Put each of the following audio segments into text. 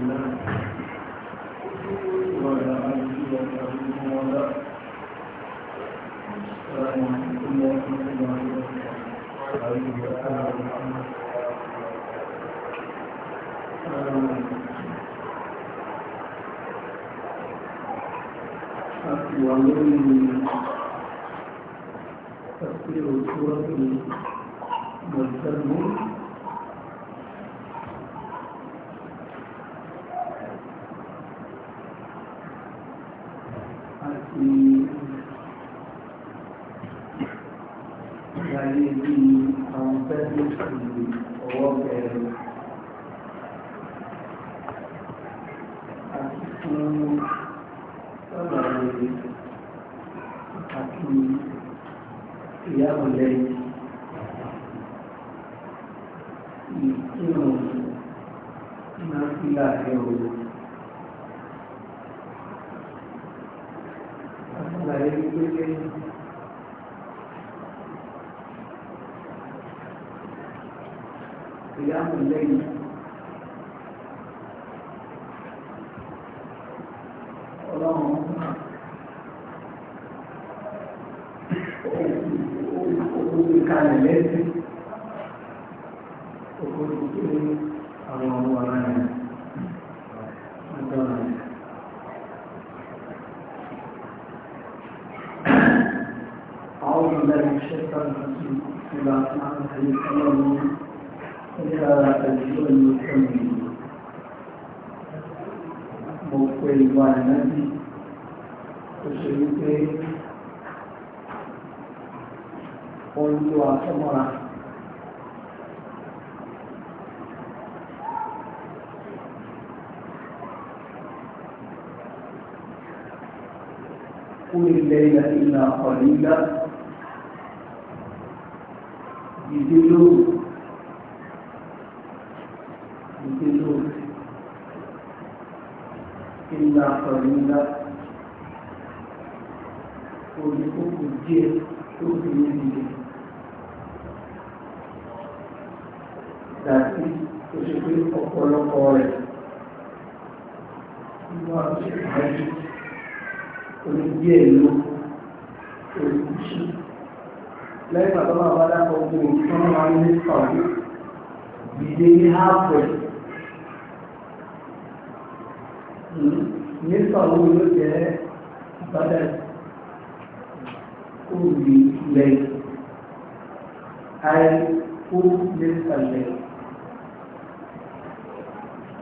Assalamualaikum warahmatullahi wabarakatuh. Assalamualaikum warahmatullahi wabarakatuh. nípa owó ló jẹ́ bàdà kúrì lẹ́yìn àì kú nípa lẹ́yìn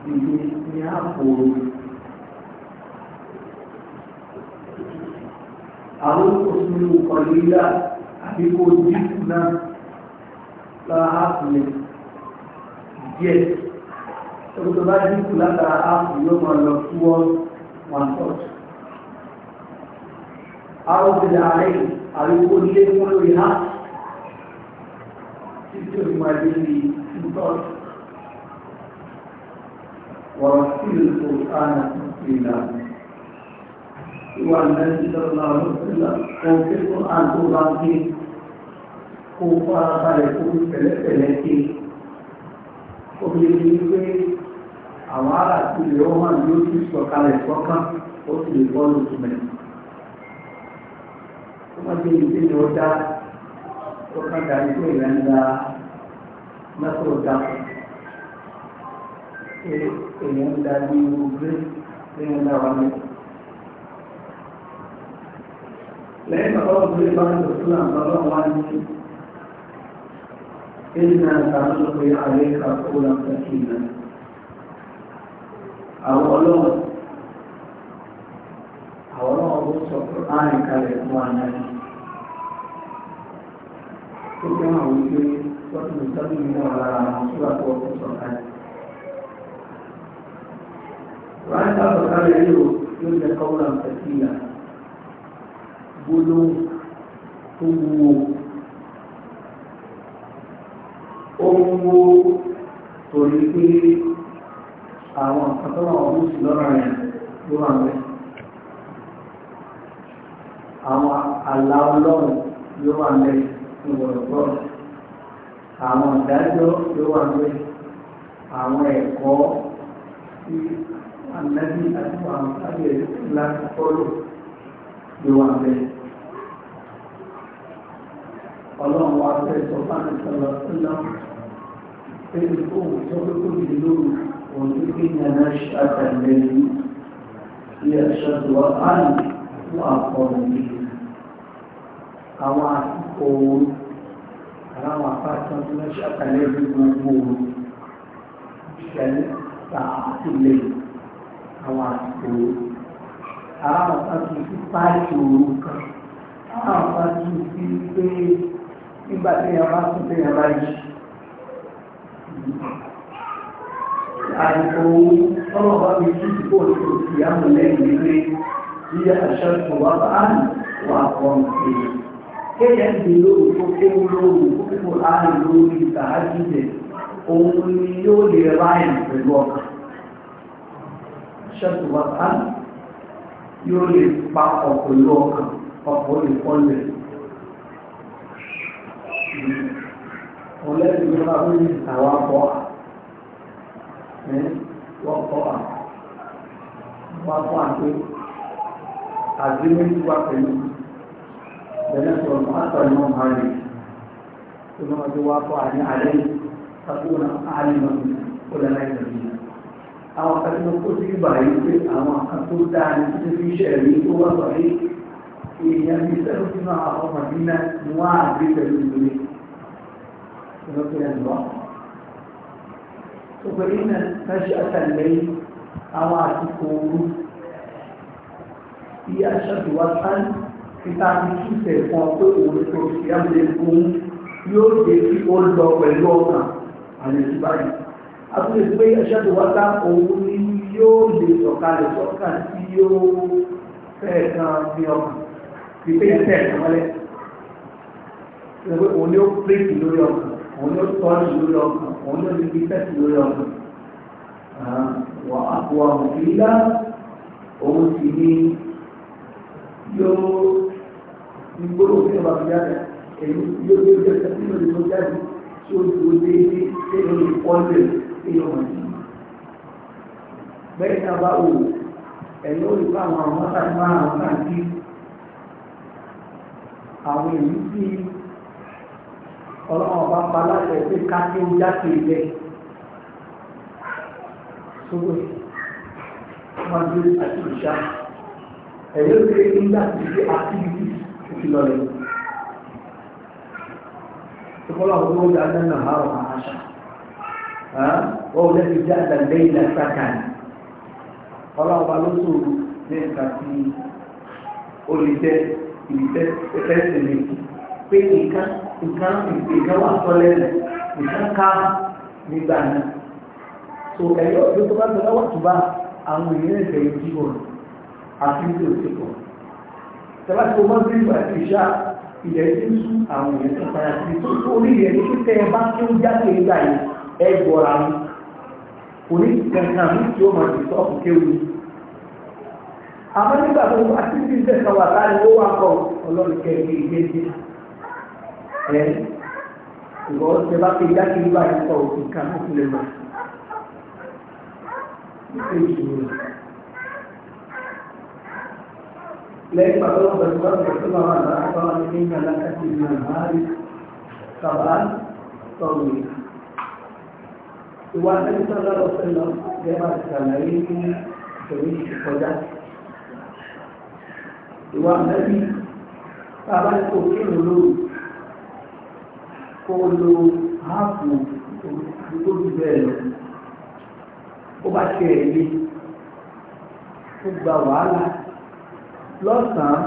ìdí ní àpò àwọn òṣèlú kọ̀lílà àbíkó dínkù náà láàpù díẹ̀ Ebi tó bá dínkù látara áàpù yóò máa lọ fúwọ́ wọn tọ́jú. Àwọn obìnrin ààrẹ àríwó lé fún lórí ha títí òfin máa dé ní títọ́jú. Wọ́n sì lè kó sáànà ìlànà. Ìwà ìlànà ìjọba ọ̀rọ̀ òfin fún àgbóbá gbé kó fara balẹ̀ kó pẹ̀lẹ́pẹ̀lẹ́ ké. Obìnrin ní pé àwọn ará tí ilẹ̀ ó hàn yóò tún sọ̀kalẹ̀ sọ́kàn ó sì lè bọ́ lóṣù mẹ́rin. ó má jẹ́ ìdí ni ó dá ó kàn dá ikú ìlẹ̀ ń da mẹ́kọ̀ọ́ dàpọ̀. èèyàn ń da bí irú gbé èèyàn ń bá ń lọ sí àǹfààní wa ní إنا سنلقي عليك قولا ثقيلا àwọn ọlọ́run àwọn ọlọ́run ló sọ pé láàrin kalẹ̀ fún anáyé tó fẹ́ hàn wípé lọ́sùn ìtọ́jú ní wọn lára àwọn sóra tó ọkọ̀ sọ kalẹ̀. láàrin kalẹ̀ kalẹ̀ yóò yóò jẹ́ kọ́wọ́lá pẹ̀síyà gbólóhùn tó wúwo ó wúwo torí pé àwọn àkọ́tọ́lọ̀ ọdún sí lọ́rọ̀ rẹ̀ ló wà mẹ́ àwọn àlà ọlọ́run ló wà mẹ́ ìwọ̀lọ́gbọ́ àwọn ìdájọ́ ló wà mẹ́ àwọn ẹ̀kọ́ tí ànábì àti àwọn sábẹ̀ láti fọ́lò ló wà mẹ́ ọlọ́run wa fẹ́ sọ fáńtì sọlọ sílọ pé kóhùn tó tó tóbi lóru وإن نشأة الليل هي أشد وقعا وأقوى به àwọn àsìkò àwọn àpáàtàn tí wọ́n ṣàtàlẹ́ bí gbogbo ìṣẹ̀lẹ̀ tààtìlẹ̀ àwọn àsìkò àwọn àpáàtàn tí páàkì òru kan àwọn àpáàtàn tí pé nígbà tí a bá tún tẹ́yà bá yìí àìkò tọ́lọ̀ bá mi kí ìkó òṣèlú sí àmì lẹ́yìn wípé bí àṣẹ tó wá bá àmì wà pọ̀ nìyí. kéèyàn ti lóru tó kéwú lóru tó kéwú àmì lórí ìtàájúdẹ̀ òun ni yóò lè ráyìn pẹ̀lú ọkàn. àṣẹ wá bá yóò lè pa ọ̀pọ̀ ìlú ọkàn ọ̀pọ̀ ìfọ́lẹ̀. Ọlẹ́sìn ló bá wí ní àpọ̀ àpọ̀ wọ́n kọ́ à wọ́n kọ́ àti àdéhùn wà pẹ̀lú bẹ̀rẹ̀ sọ̀rọ̀ àtọ̀rọ̀ náà máa rè tó máa tó wá kọ́ àní àlẹ́ sàkóònà àlìmọ̀ kó lẹ́nà ìrìn àwọn akẹ́kọ̀ọ́ kó sí ìgbà yìí pé àwọn akẹ́kọ̀ọ́ dáa ní títí fi ṣẹ̀ rí tó wá sọ̀rí èèyàn ní sẹ́lú sínú àwọn ọmọdé náà ni wọ́n á gbé pẹ̀lú ìlú rẹ̀ ṣùgbọ́n iná fẹ́ṣẹ̀ àtàlẹ́yìn àwọn àtìkò ooru bí aṣáájú wa sáń níta fi túṣẹ̀ fún ọ pé òun tó fi àmì ohun yóò dé kí ó lọ pẹ̀lú ọkàn àlejò báyìí àtúnṣe pé aṣáájú wa sá òun ni yóò lè sọ̀kalẹ̀ sọ́kàn tí yóò fẹ́ẹ̀ kan ní ọkàn kì pé ìtẹ̀ ẹ̀kọ́ mọ́lẹ̀ òun ni ó pèsè lórí ọkàn òun ló tọ́ ní ìlú lọ́kàn òun ló ní bí tẹ́sí lórí ọkàn wà á kó àwọn ìlà òun sì ní yóò gbogbo òfin ọba fi tí ni a bá wò ẹ̀yìn ó lè fa àwọn àwọn mọ́tàdínmáà àwọn náà ọlọ́run ọba pa láti ẹgbẹ́ kákí ó jáde ilẹ̀ sówó wọn gbé àti ìṣá ẹ̀yẹ́ ó gbé nígbà tí ṣe àtìlítì ìfìlọ̀ rẹ̀ ìfọlọ́ ọ̀gbọ́n ó dáná náà ha ọ̀hún àṣà wọ́n ò lẹ́bi jẹ́ àgbàgbẹ́ ilẹ̀ sákàní ọlọ́run ọba ló sòrò ní ìgbà tí ó lè mi pé nǹkan nǹkan nǹkan wà sọ́lẹ̀ rẹ̀ nǹkan ká nígbà náà so ẹ̀yọ́ ọdún tó bá ń tọ́lá wà tó bá àwọn èèyàn ẹ̀fẹ̀ yóò jí wọn àti ní òsè pọ̀ tẹ́lá tó bá ń bí ìgbà tí ìṣá ilẹ̀ tí ń sún àwọn èèyàn tó padà sí tó tó orí rẹ̀ ní tẹ́ ẹ bá tó jáde nígbà yìí ẹ gbọ́ra mi kò ní kankan mi tí ó máa ti sọ́ọ̀kù kéwì àmọ́ nígbà tó àti tí ń tẹ̀sán wà láàrin ó wà kọ́ ọlọ́run kẹ́ẹ̀kẹ́ ìgbésí ẹ ìwọ ṣe bá fi dákìlú bá yẹn sọ òfin kan ó fi lè mọ ìkejì ni lẹ́yìn pàtó wọn bẹ̀rẹ̀ wọn bẹ̀rẹ̀ tó bá wà lára tó wà nínú ìyá alákàtì ìlú àmàlí kàbá sọ̀rọ̀ yìí ìwà ẹgbẹ́ lọ́wọ́ sẹ́lọ̀ gẹ́gbà ìsàlàyé ní ìṣòrí ìkọjá ìwà mẹ́bí tàbá ìkòkè ìrùlóòrùn kó lo áàpù tó ju bẹ́ẹ̀ lọ ó bá ṣe èyí ó gba wàhálà lọ́sàn-án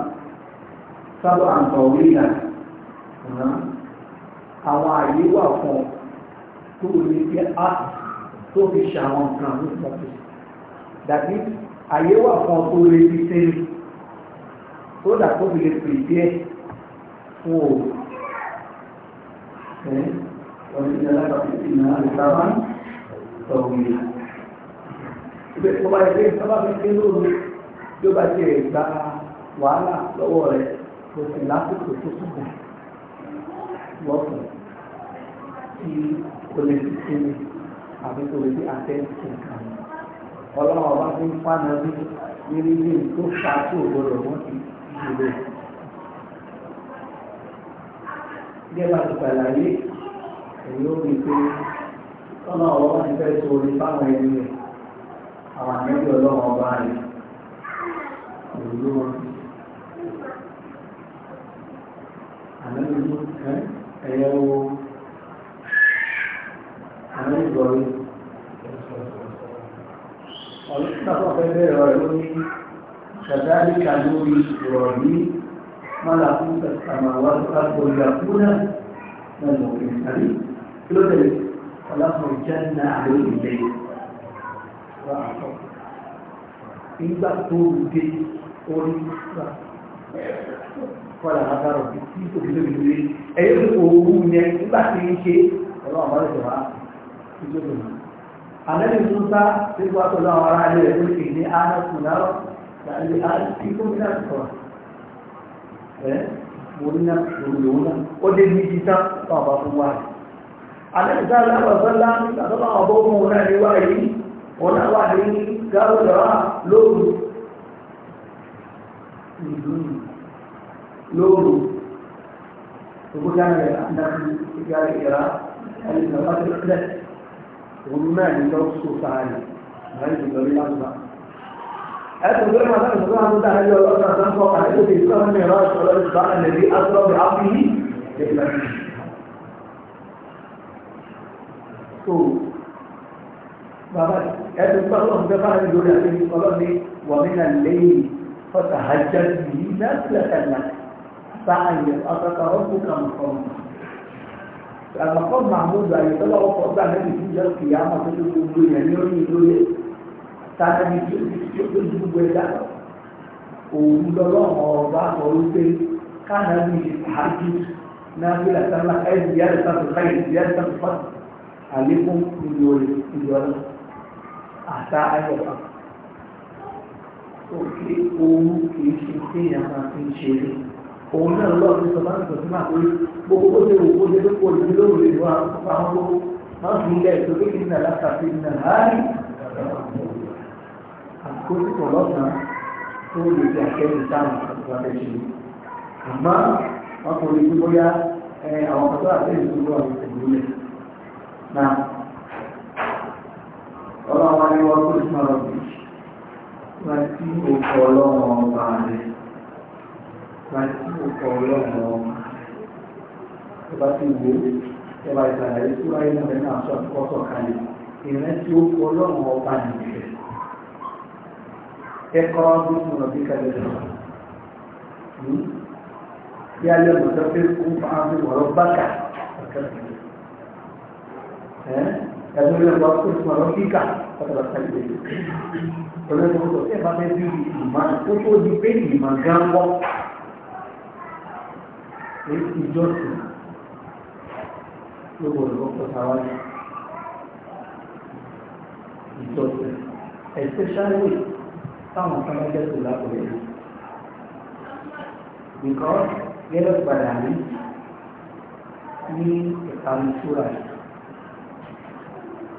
sábà àǹtọ̀wé ìlà àwọn àyè wà fún ọ tó o lè fi áàpù tó fi ṣàwọn nǹkan ní pọ̀tù dàbí àyè wà fún ọ tó lè fi sẹ́yìn tó dà tó fi lè pè díẹ̀ fún òòrùn. وإن لك فينا لسانا طويلا Ibẹ̀ tó bá yẹ pé sábà fi ké lóru bí ó bá ti rẹ̀ gba wàhálà lọ́wọ́ rẹ̀ kò sì lásìkò tó túbọ̀ lọ́sàn tí kò lè fi sinmi àbí kò lè fi àtẹ́ǹtì kan. Ọlọ́run ọba fi ń fánà bí ní tó fa tí òbọ̀dọ̀ wọ́n ti dúró. gẹ́gẹ́ bá ti ṣàlàyé èyí ó fi pé tọ́lá ọ̀rọ̀ wọn ti fẹ́ so orí fáwọn ẹni rẹ̀ àwọn àmẹ́bí ọlọ́run ọba rẹ̀ èyí ló wọn fi àmẹ́bí ló ẹ̀yẹ wo àmẹ́bí gbọ́rí ọ̀rọ̀ tí wọ́n fẹ́ bẹ̀rẹ̀ ọ̀rẹ́ ló ní ṣàdáríkà lórí ìrọ̀lú ملكوت السماوات والارض يكون من المؤمن حبيب كله ذلك فلخرجن عليه الليل nígbà tó dé orí ìgbà kọ́lá agbára òbí tí kò fi lóbi lórí ẹ̀yẹ́ tó owó yẹn nígbà tí ń ṣe ọlọ́run bá lè jọ wá sí lóbi lórí. àmẹ́lì tó ń sá sí wá pẹ̀lú àwọn ará ilé rẹ̀ tó ṣe ní ánà kùnà láti àti kómìnà sọ̀rọ̀ oríná òrùlòónà ó dé ní títà bàbá fún wà ní alẹ́sà alábàbọ́lá àtọ́bà ọ̀bọ̀ fún òun náà níwá yìí òun náà wà ní gáwọ́dọ̀rá lóòrù lóòrù òkúta rẹ̀ àdáfi ìgbà ìgbà alẹ́sà alábàbọ́lá òun آدم غير ما كان يقول عنه ده هل يقول في ولا الذي أسرى بعقله لإسلامه تو بابا الله ومن الليل فتهجد به نفلة لك سعي أتك ربك مقام المقام معمول بأن يطلع وقت النبي في القيامة تجد الدنيا يوري يوري tàbí ní tí ó tó ju gbogbo ẹ̀dá òun lọ́lọ́mọ ọba sọ wípé káàná ní àájú náà bí làtàlá ẹ̀dì yá lẹ́sàtò káyè ìdí yá lẹ́sàtò fásitì àlékún ìlú ọ̀rẹ́ ìlú ọ̀rẹ́ àtà ayọ̀ kan. Òkè òun kìí ṣe sí ìyàmà fi ń ṣe rí. Òun náà lọ́ọ̀ fi sọ bá ń sọ sí máa pé gbogbo ṣe wò ó ṣe tó pọ̀ ìdílé òun lè wá àwọn gbogbo máa fi ilẹ̀ ìtòkè kó sì tọ̀ lọ́sàn-án tó lè fi àkẹ́yìn sáàmù àti wàbẹ̀ ṣe. àmọ́ wọn kò lè fi bóyá àwọn kan tó àti ìṣòro àwọn lẹ̀. na ọlọ́run wa ni wọ́n kó sì máa lọ bí wọ́n ti òkò ọlọ́run ọba rẹ̀ wọ́n ti òkò ọlọ́run ọba tó bá ti wò ó ẹ̀bà ìsàlẹ̀ ìṣúra ìlànà àṣọ àkọ́sọ̀ kalẹ̀ ìrántí ó kọ ọlọ́run ọba nìyẹn ẹ̀kọ́ bí mo bí kalẹ̀ lọ. Bí a lè mọ̀tọ́ pé kú máa fi wọ̀rọ̀ bákà ẹ̀dùn ilé ọgbà kó tó ọ̀rọ̀ kíkà ọ̀tọ̀lá sáré lè. Ọ̀rẹ́ mi sọ pé bàbá bí ìmọ̀ tó tó di pé ìmọ̀ gan wọ́. Èyí ìjọ sí ló gbọdọ̀ kọ́ sáwá ní ìjọ sí. Especially táwọn kan lọ́jọ́ tó lápòlẹ̀ yìí. nǹkan yẹ́lẹ̀ padà ní ní ìkànnì súra yìí.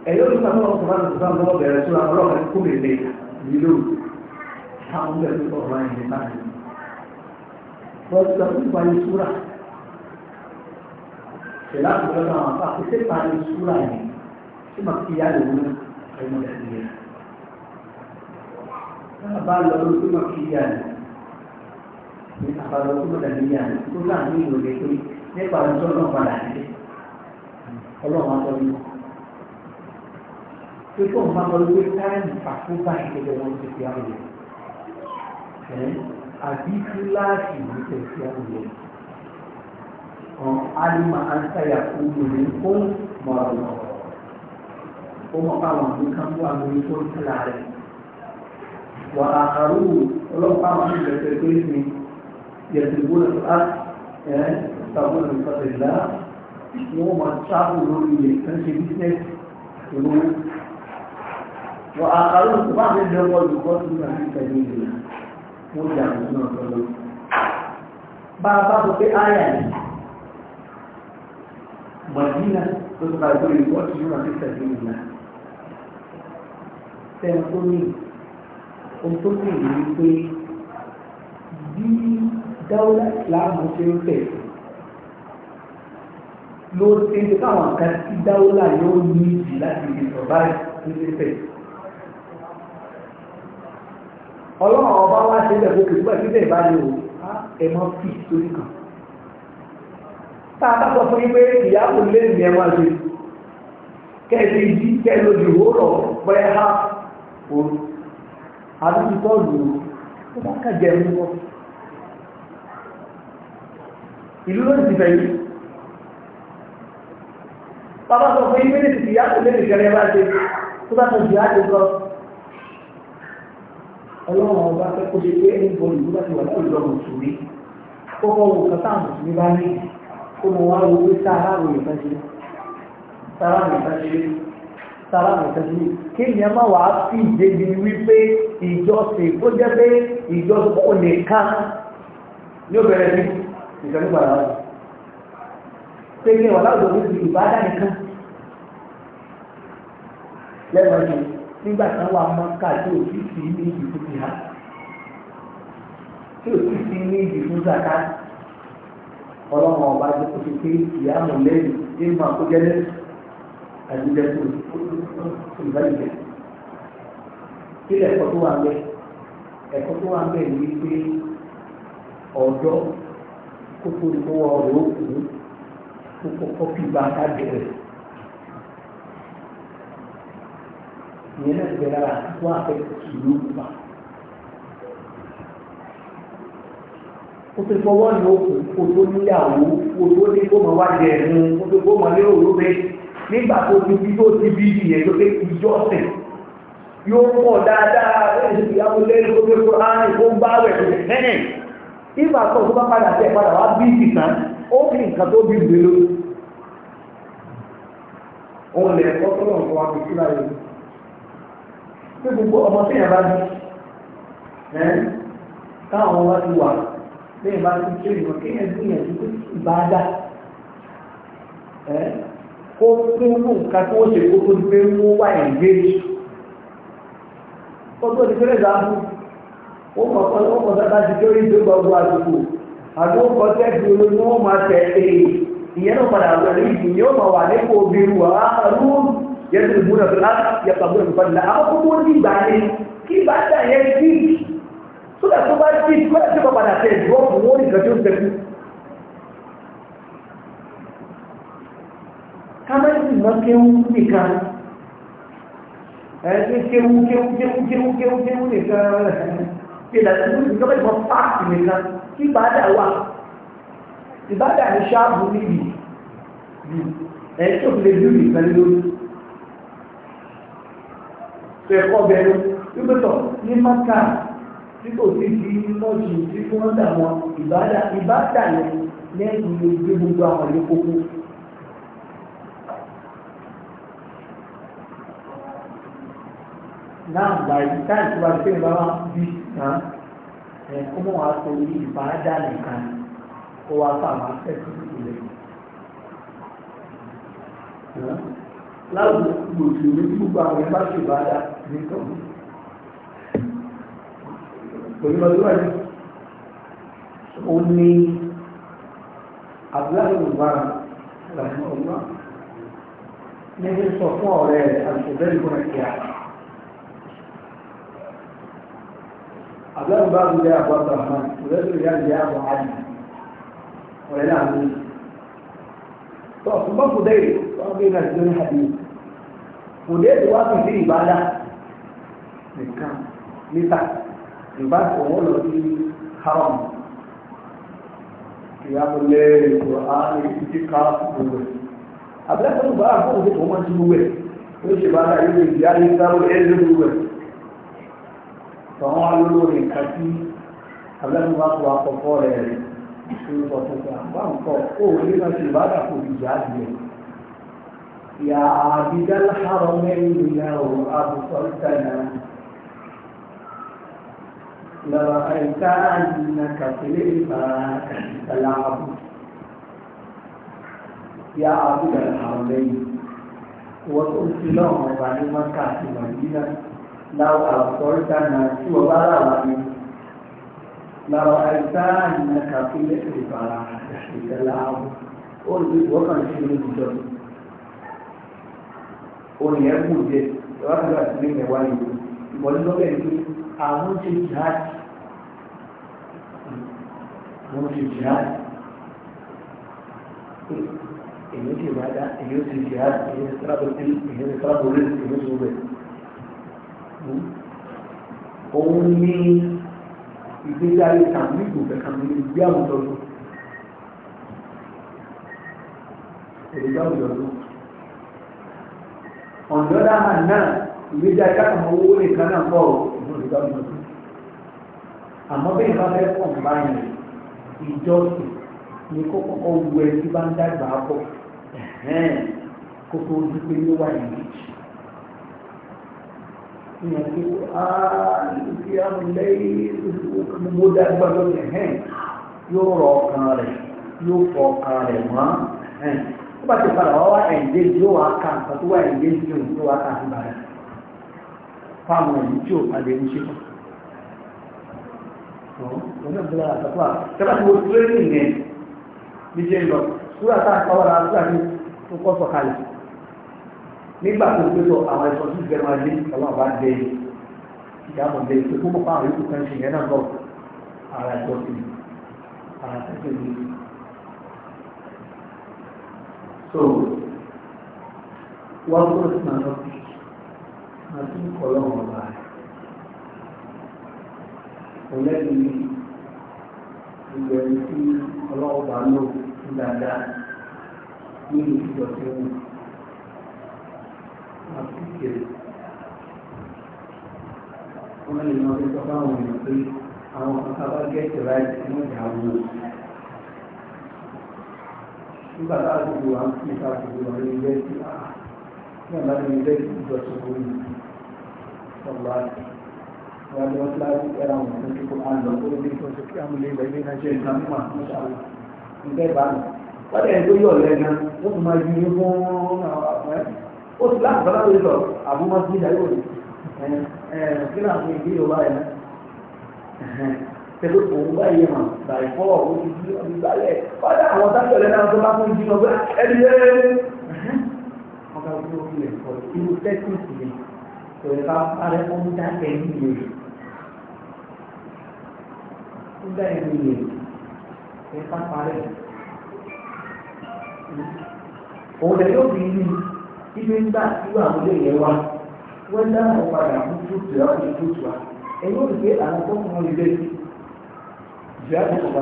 ẹ̀yọ́ nípa náà wọ́n máa ń sọ fún ọmọ bẹ̀rẹ̀ súra ọlọ́run ní kúmìlì nílò táwọn bẹ̀rẹ̀ tó ọ̀rọ̀ ẹ̀yìn nípa rẹ̀. wọ́n ti sọ fún ìparí súra. ìlà àbúrò náà àpapọ̀ sí ìparí súra yìí sí màkìyà lòun ẹ̀mọ́ ẹ̀yìn bá lọ ló tó máa fi yà ní ní àbálọ tó máa dàbí yà ní tó náà ní ìwòye pé nípa ọjọ́ náà padà sí ọlọ́run àtọ́ ní wọn. pé fóun máa lọ wé táìmù àkóbá ìkéde wọn ti fi àwọn yẹn àbí kíláàsì ní tẹ̀sí àwọn yẹn. ọ̀n alima ansaya kúlù ní fún mọ̀ọ́lọ́. ó mọ̀ káwọn nǹkan fún àwọn oníkó ńlá rẹ̀. wà àkàrù ọlọ́pàá àwọn ìgbẹ̀tẹ̀ pé ní yẹ̀tìgbó lọ á ẹ̀ ṣàbọ̀ lọ sọ̀rọ̀ ìlà wọ́n máa ṣáàbù lórí ilẹ̀ kan ṣe bísínẹ́sì ìlú wà àkàrù bá mi lọ wọ́n lù kọ́ sí àti ìtẹ̀lé ìlú wọ́n jà ní ọ̀nà ọ̀tọ̀lọ́ bá a bá sọ pé áyà yìí mọ̀dínà tó ti bá ìgbó ìlú wọ́n ti yún àti ìtẹ̀lé ìlú tẹ́ńkó ní ohun tó sì rí i pé bí dáwọ́lá ìsìláàmù ṣe ń tẹ̀ ló ṣe ń ṣe káwọn kan tí dáwọ́lá yóò ní ìdí láti lè sọ báyìí tó ṣe tẹ̀. ọlọ́run ọba wá ṣe bẹ̀ fún kìtìgbà tí bẹ́ẹ̀ bá fi sórí kan. tá a bá sọ fún yín pé ìyá kò lé ní ẹ wá ṣe kẹ́ẹ̀sì jí kẹ́ẹ̀ lójú òórọ̀ àbíbi tó lù ú tó bá kàjẹ́ ẹ̀mí wọ́n ìlú ló ti fẹ̀ yìí bàbá sọ pé ìpínlẹ̀ ti fìyà tó lẹ́nu ìjẹrẹ bá ṣe tó bá sọ jù á ti sọ ọlọ́run ọba fẹ́ kó ṣe pé ẹni bọ́ọ̀lù ló bá ti wà láwùjọ mùsùlùmí ó kọ́ wò kọ́tà mùsùlùmí bá ní kó mọ wá wo pé sáà láwùjọ ìbáṣe sáà láwùjọ ìbáṣe sara nìkan sí kéèyàn má wàá fi ìdébi wípé ìjọsìn tó jẹ́ pé ìjọsìn kò nìkan ní ó bẹ̀rẹ̀ sí ìjọsìn padà wá pé ní ọ̀la òjò ní ti ìbáadá nìkan lẹ́nu ọdún nígbà tí wọ́n á mọ sí ní ti tí sí ní àdúgbò tó ìbálòpọ̀ kí lẹ́kọ̀ọ́ tó wà ń bẹ̀ ẹ̀kọ́ tó wà ń kókó ìfowó ọ̀rọ̀ òkú kókó kọ́pì bá ká bẹ̀rẹ̀ ìyẹn náà bẹ̀rẹ̀ la wọ́n á tìlú pa kó tó fọwọ́ òkú nígbà tó ti bí tó ti bí ìyẹn tó pé ìjọsìn yóò pọ̀ dáadáa lẹ́yìn ìyàwó lẹ́yìn tó pé kó áyìn tó ń bá wẹ̀ tó lẹ̀ hẹ́n ìgbà tó tó bá padà tẹ̀ padà wá bí ìtàn ó fi nǹkan tó bí ìwé lórí. òun lẹ̀ ẹ̀kọ́ tó lọ́n fún wa kò sí láyé pé gbogbo ọmọ tí yẹn bá ní táwọn wá ti wà lẹ́yìn bá ti tẹ̀lé wọn kéèyàn gbìyànjú ìbáadá kó fún nǹkan tí wọ́n ṣe kó tó di pé mú wà ìgbéjì ọjọ́ ti fẹ́rẹ̀ dáàbò ó mọ̀ ọ́ ó mọ̀ sábà ti kí ó rí ìdógbà ọgbà àdúgbò àti ó kọ́ tẹ́ẹ̀tì olóyún ó máa tẹ̀ ẹ́ ìyẹn náà padà wọlé ìdí yóò máa wà nípò obìnrin wà á rú yẹn tó gbúdọ̀ tó láti yàtọ̀ gbúdọ̀ tó padà àwọn kókó ní ìgbà ni kí bá dà yẹn kí sódà tó bá kí kó kámẹ́sì mọ́ kéwú nìkan ẹ̀ẹ́dẹ́ kéwú kéwú kéwú kéwú kéwú kéwú nìkan ìlànà ìlú ìjọba ìmọ̀ páàkì nìkan kí ìbádà wà ìbádà ní ṣáàbù níbi ẹ̀ẹ́ tó lè dúró nìkan lórí tó ẹ̀kọ́ bẹ̀rù wípétọ̀ ní mọ́ta tí kò sí di mọ́jì tí wọ́n dà wọn ìbádà ìbádà yẹn lẹ́yìn gbogbo àwọn ìlú kókó now by the time tí wàá fẹ́ẹ́ bá wà bí tán ẹ̀ kó mọ̀ wá sọ orí ìbáradà nìkan kó wá fà wá fẹ́ẹ́ sí ilẹ̀. láwùjọ gbòòsì orí gbogbo àwọn ẹ̀ ṣe ìbáradà nìkan. pẹ̀lú ọdún ẹ̀dí ó ní abúláyé ìbára làwọn ọgbà ní sọ fún ọ̀rẹ́ àti ìbẹ́rẹ̀ ìbọn ẹ̀kẹ́ abdullahi babu jẹ́ àbọ̀ abdulrahman òlẹ́sùn ìyá jẹ́ àbọ̀ ali ọ̀rẹ́ náà ní tó ṣùgbọ́n kò dé wọ́n gbé náà lórí hadith kò dé tí wọ́n fi sí ìbádà nìkan níta ìbá òun lọ sí haram ìyàwó lé ètò àárín títí ká gbogbo abdullahi babu jẹ́ àbọ̀ òun tó mọ́ sí gbogbo ẹ̀ ó ṣe bá dáa àyè tọ̀hún wá lórí nǹkan tí abẹ́nu bá tó akọ̀kọ́ rẹ̀ rẹ̀ ìṣòro ọ̀tún pé àbáwọn kọ̀ ó rí náà ṣe ìbádà kò fi wọ́n tó ń fi lọ́wọ́ ọ̀bà ní mọ́kà àti màdínà láwọn àkọ́ríta náà tí wọ́n bá rà wá ní láwọn àìsá àìyàn kàfílẹ̀ ìbára ìṣẹ̀lá àwọn olùdókòwòkàn sí olùdókòwò orin yẹn kù jẹ ìwà kan láti ní ìwà ìlú ìwọlé lọ́bẹ̀ ní àwọn ṣe jihad àwọn ṣe jihad èyí ó ṣe ìwádà èyí ó ṣe jihad èyí ó ṣe sábà orí èyí ó ṣe sábà orí èyí ó ṣe gbogbo ẹ̀ òun ní ìgbésí ayé kan ní ìgbòfẹ́ kan ní ìgbé àwùjọ tó ìgbé àwùjọ tó ọ̀dọ́dá hàn náà ìgbésí ayé kan mọ owó nìkan náà pọ̀ ìgbó ìgbé àwùjọ tó àmọ́ bí ìbá fẹ́ pọ̀ ń báyìí ìjọsìn ní kó kọ́kọ́ wu ẹ tí bá ń dàgbà bọ̀ kó tó dúpẹ́ yóò wà ní ìjì ìyẹn tí a ti amúlẹ̀ gbogbo dàgbà lónìí hẹ́n yóò rọ ọkàn rẹ̀ yóò fọ ọkàn rẹ̀ mọ́ hẹ́n tó bá ti padà wá wá ẹ̀ǹdé yóò wá ká nǹkan tó wá ẹ̀ǹdé yóò wá ká sí bàrẹ̀ fáwọn ẹ̀yìn tí ò padà ń ṣe fún ọ̀nà ìbílẹ̀ tí wọ́n ti wé ní ìyẹn bí nígbà tó gbé sọ àwọn ẹ̀sọ́ tó gbẹ máa dé ọlọ́run bá dé ìdáàbò dé pé kó mọ̀ fáwọn yòókù kan ṣe yẹn náà bọ̀ ara ẹ̀sọ́ sí ara ẹ̀sọ́ sí. so wọ́n kúrò sí màá lọ́ọ́ máa tún kọ́ lọ́wọ́ ọba rẹ̀ kò lẹ́nu ìgbẹ̀rù tí ọlọ́wọ́ bá lò dáadáa nínú ìjọ tí ó wù àti ìkèrè wọ́n lè lọ sí sọ́kọ́ àwọn èèyàn pé àwọn kankan bá gẹ́ẹ̀tì láìsí ní ọjà àwọn nígbà tá a ti wà ń fi ìta àti ìwà ní ilé tí a ní ọ̀la ní ilé tí ìjọsìn owó yìí ọ̀la wọ́n lọ sí láti ẹ̀rọ àwọn ọ̀sán kíkọ́ á lọ kó lórí ìtọ́jú kí àwọn ilé ìwà ilé náà jẹ́ ìta mímọ́ àti ìṣàlù nígbà ìbánu wọ́n lè tó yọ̀ lẹ́nu wọ́n tún máa yí fún ó ti láti bàbá lórí lọ àbúmọ́ sí ìdáyé òní kí náà fún ìdí yorùbá yẹn pẹ̀lú òun bá yẹ mà bàyẹ̀ fọ́ òun ti di ọdún balẹ̀ fọ́dà àwọn sáfẹ́ ọ̀lẹ́ náà tó bá fún ìdí lọ́gbẹ́ ah, ẹni yé ọba tó fi lè kọ irú tẹ́kìtì lè tòun ká parẹ́ fún dákẹ́ nílé fún dákẹ́ nílé ẹ ká parẹ́ òun lè yóò fi yí ibi ń gbà irú àwọn ilé yẹn wá wọ́n dá àwọn padà fún tútù ẹ̀ wọ́n tútù wa ẹ̀yìn ó ti pé àwọn tó fún wọn lè dé jù á ti sọ̀rọ̀ lọ.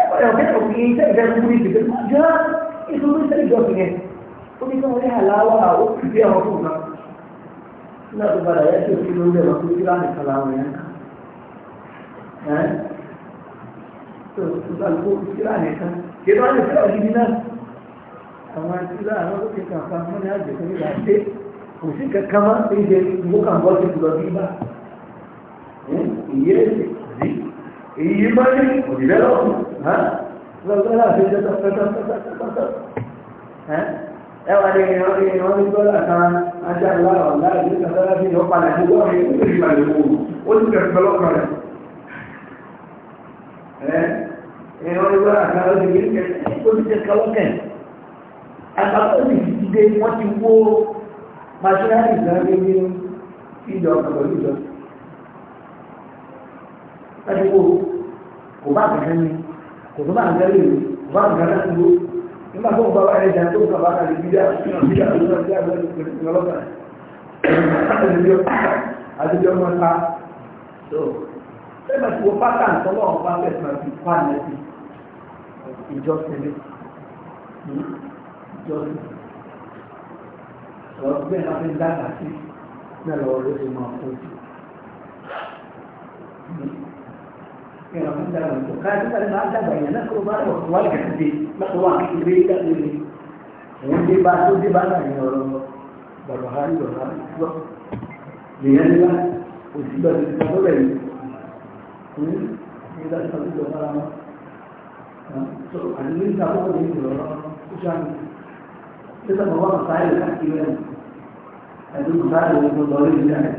ẹ̀kọ́ yọ̀ kẹ́kọ̀ọ́ kí iṣẹ́ ìfẹ́ fún mi ti dé máa jọ ìṣòro iṣẹ́ ìjọsìn yẹn ó ní kí wọ́n rí àláwà ó kì bí àwọn fún wọn. nígbà tó padà yẹ kí òfin lórí ẹ̀rọ fún kíláàmù ìkàlà àwọn yẹn kan. tó kíláàmù ìkàlà àwọn tí láàárọ̀ ó ti kàn fún amúnẹ́ àjẹ́ tó nígbà dé kò sí kankan máa ń pè jẹ ìwó kan bọ́ sí lọ nígbà ìyé rí èyí má rí òdìbẹ́ lọ́wọ́ lọ́gbọ́n láti jẹ́ tọ́tọ́tọ́tọ́tọ́tọ́ ẹ wà ní ìran ní dọ́là kan ajá ńlá ọ̀la ìlú kàtàlá bí ìyọ́ padà ní wọ́n rí ó sì máa lè wò ó sì kẹ̀ fẹ́ lọ́kàn rẹ̀ ẹ ìran ní dọ́là kan ó sì kẹ̀ ó sì kẹ̀ kọ́lọ́kẹ̀ agbábọ́ọ̀lù ìdílé wọ́n ti wó maṣínárì ìgbàgbé ní ìjọ pẹ̀lú ìjọ láti kò bá kẹ̀kẹ́ ní kò tó bá ń gẹ́lẹ́ kò bá bá tó bá bá lọ́sí lọ́sí bẹ́ẹ̀ máa fi dáná sí náà lọ́wọ́ ló ṣe máa fojú kí wọ́n fi dáná tó káyọ̀ nígbà tí wọ́n dàgbà yẹn náà kó máa lọ wọ́n lè kàtí dé mọ́tò wọn àti ìwé ìdájọ́ ni òun dé bá tó dé bá náà yẹn ọ̀rọ̀ bàbá ha yọ̀ ha lọ lèyẹn ní wá òsì lọ́sí tó tó rẹ̀ yìí ní ìdájọ́ tó tó tó fara mọ́ àti ní ìdájọ́ tó tó tó rọ̀ كده هو مسائل الاحتمال هذه مسائل المضارين يعني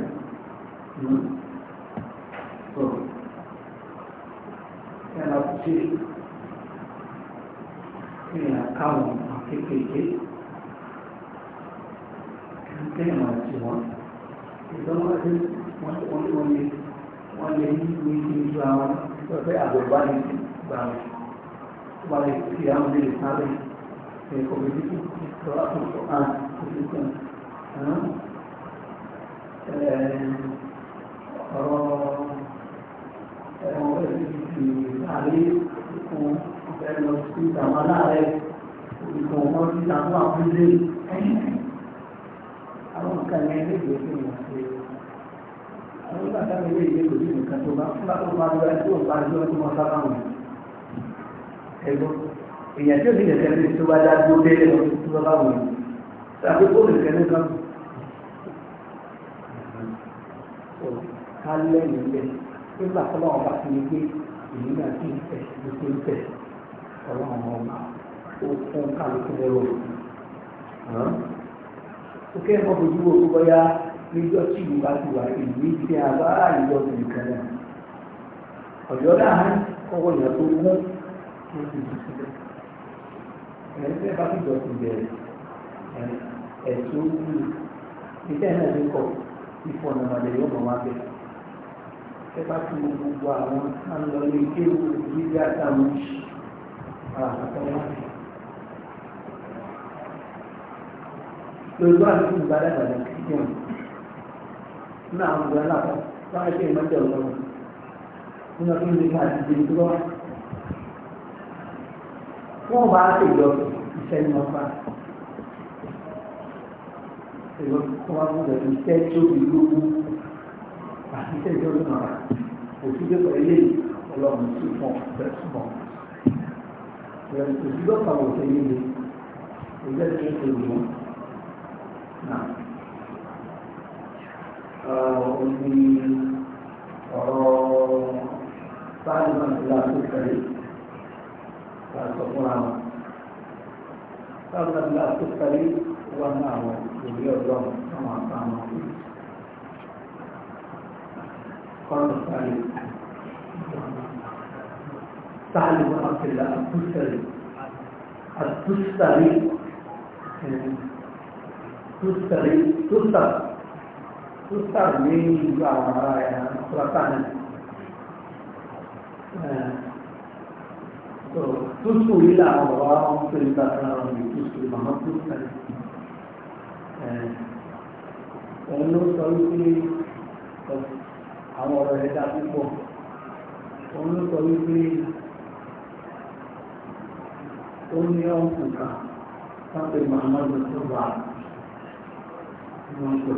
كان شيء كان كون حقيقي كان كلمة سوى إذا ما كان wọ́n lè wọ́n lè ní ìwé ìwé ìjọ àwọn pẹ̀pẹ́ àgbẹ̀gbá ní ìgbà rẹ̀ wọ́n lè fi àwọn ilé ìsáré ẹ̀kọ́ bíi kìrọ́ àtúntò àn òṣìṣẹ́ ọ̀rọ̀ ẹ̀wọ̀n ẹ̀sìn ti àlẹ́ ìkún ọ̀fẹ́ lọ sí ìtàwọn aláàrẹ̀ ìkún ọmọ sí àwọn àbúlé àwọn nǹkan yẹn lè gbé fún ìwọ̀n sí àwọn bàtà mi lè gbé lórí nǹkan tó bá fún bá tó ẹgbẹ́ èèyàn tí ó ní ìrẹsẹ̀ ní tó bá dá tó dé lọ tó bá bá wù ú tàbí ó lè kẹ́ ní kan. ká lẹ́yìn bẹ́ẹ̀ nígbà tó báwọn bá ti ní pé èyí náà ti ń tẹ̀ ló ti ń tẹ̀ ọlọ́run ọmọ ó fún kálukú lọ́wọ́ ó kẹ́ ẹ̀kọ́ fojú wo kó níjọ́ tí ìlú bá ti wà ìlú tí a bá ìjọ tó nìkan náà ọ̀yọ́ náà kọ́kọ́ ìyá tó mú ti dùn síbẹ̀. ẹ̀ńtẹ́ bá ti dọ̀tí bẹ̀rẹ̀ ẹ̀tọ́ wù iṣẹ́ náà ló kọ̀ ìfọ̀ nàmà lè yọ̀ mọ̀ wá bẹ̀. ẹ bá ti mú gbogbo àwọn àlọ́lé ilé ìwé wọ́n bá ṣe ìjọ iṣẹ́ ní ọba ìlú tó wá fi lógún àti iṣẹ́ ìjọ ló nàrà òfin tó ọlọ́run tó fọ́ bẹ́ẹ̀ súnmọ́ òfin tó kà wọ́n tẹ̀lé mi ìjọ tó ń tẹ̀lé wọn náà òfin ọ̀rọ̀ sáà ní wọn ti sọ fúnra wọn sábà ńlá tó kárí wà ní àwọn ìlú ọjọ́ àwọn àtàwọn kọ́nù kárí sáàlì wọn àfẹ́lá àtúnṣẹ́lì àtúnṣẹ́lì àtúnṣẹ́lì àtúnṣẹ́lì àtúnṣẹ́lì ní ìlú àwọn ará ẹ̀ tútù lílà àwọn bàbá wọn ń pè nígbà tí wọn ń tútù màmá tó fẹ́ òun ló sọ wípé àwọn ọ̀rọ̀ rẹ̀ dá púpọ̀ òun ló sọ wípé ó ní ọ̀pù kan sáfẹ́ màmá ló tó wà ní wọn pè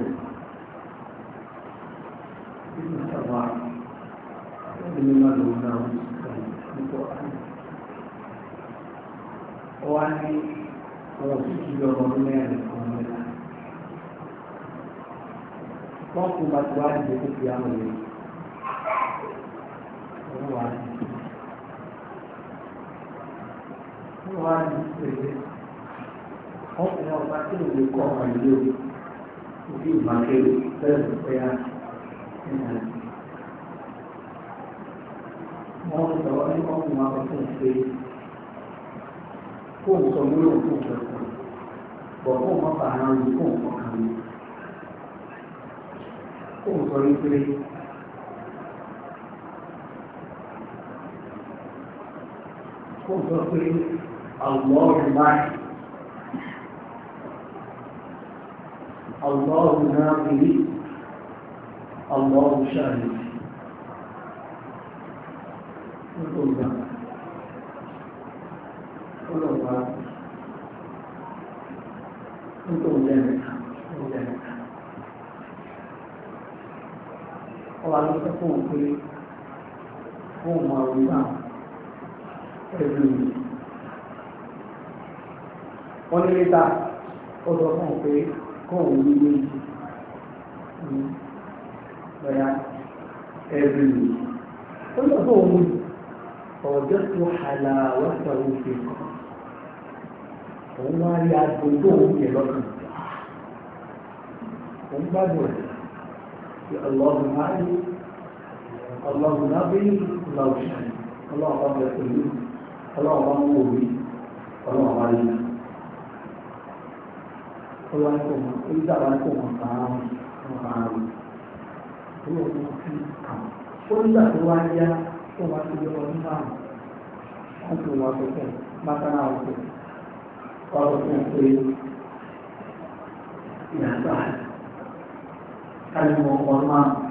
é nínú ìṣàwárí ó ní mímọ́ lòun náà ń sọ nípa ọ̀hún wá ní ọ̀rọ̀ títí lọ́rọ̀ mẹ́rin kan mẹ́ta. Wọ́n kú bá ti wá dìde tó fi àwọn èèyàn. Wọ́n wá ní. Wọ́n wá ní pèsè. Ọkùnrin ọba tí ò lè kọ́ ọmọ ìlú òbí ìbákẹ́rù bẹ́ẹ̀ ló pẹ́ á nínú àti. Wọ́n sọ̀rọ̀ ní ọkùnrin ọba tó ń pè é kó n sọ lórí òkú kẹfọ bọ kó n má bà ara rẹ kó n kọ kàn mí kó n sọ ní pé kó n sọ pé àwọ̀ ọ̀rẹ́ báyìí. الله ناظر الله شاهد ló fẹ́ kó pé kó mọ orí náà ẹ̀rù yìí wọ́n ní lẹ́tà ó sọ fún un pé kó òun ní méjì lọ́yà hmm. ẹ̀rù yìí ó sọ fún òun ọ̀jọ́ tó hàlà wọ́sọ̀ òfin òun wá rí aago tó òun yẹ lọ́kàn ah! òun gbàgbọ́ ẹ̀ ṣe ọlọ́run ọlọ́run lábẹ́ lọ́ọ̀ṣẹ́ ọlọ́run bá bẹ pẹ̀lú ọlọ́run bá mú òwe ọlọ́run bá yẹ ọlọ́run kò mọ̀ onídàbà kò mọ̀ kàárùn mọ̀ kàárùn ọlọ́run kò fi kà ó nígbà tó wá yá tó wá sí ọdún márùn wọ́n ti wọ́n tó fẹ́ bákan náà wọ́n tó wọ́n tó fẹ́ ìyàtọ̀ àti kálí mọ̀ ọ̀rọ̀ márùn.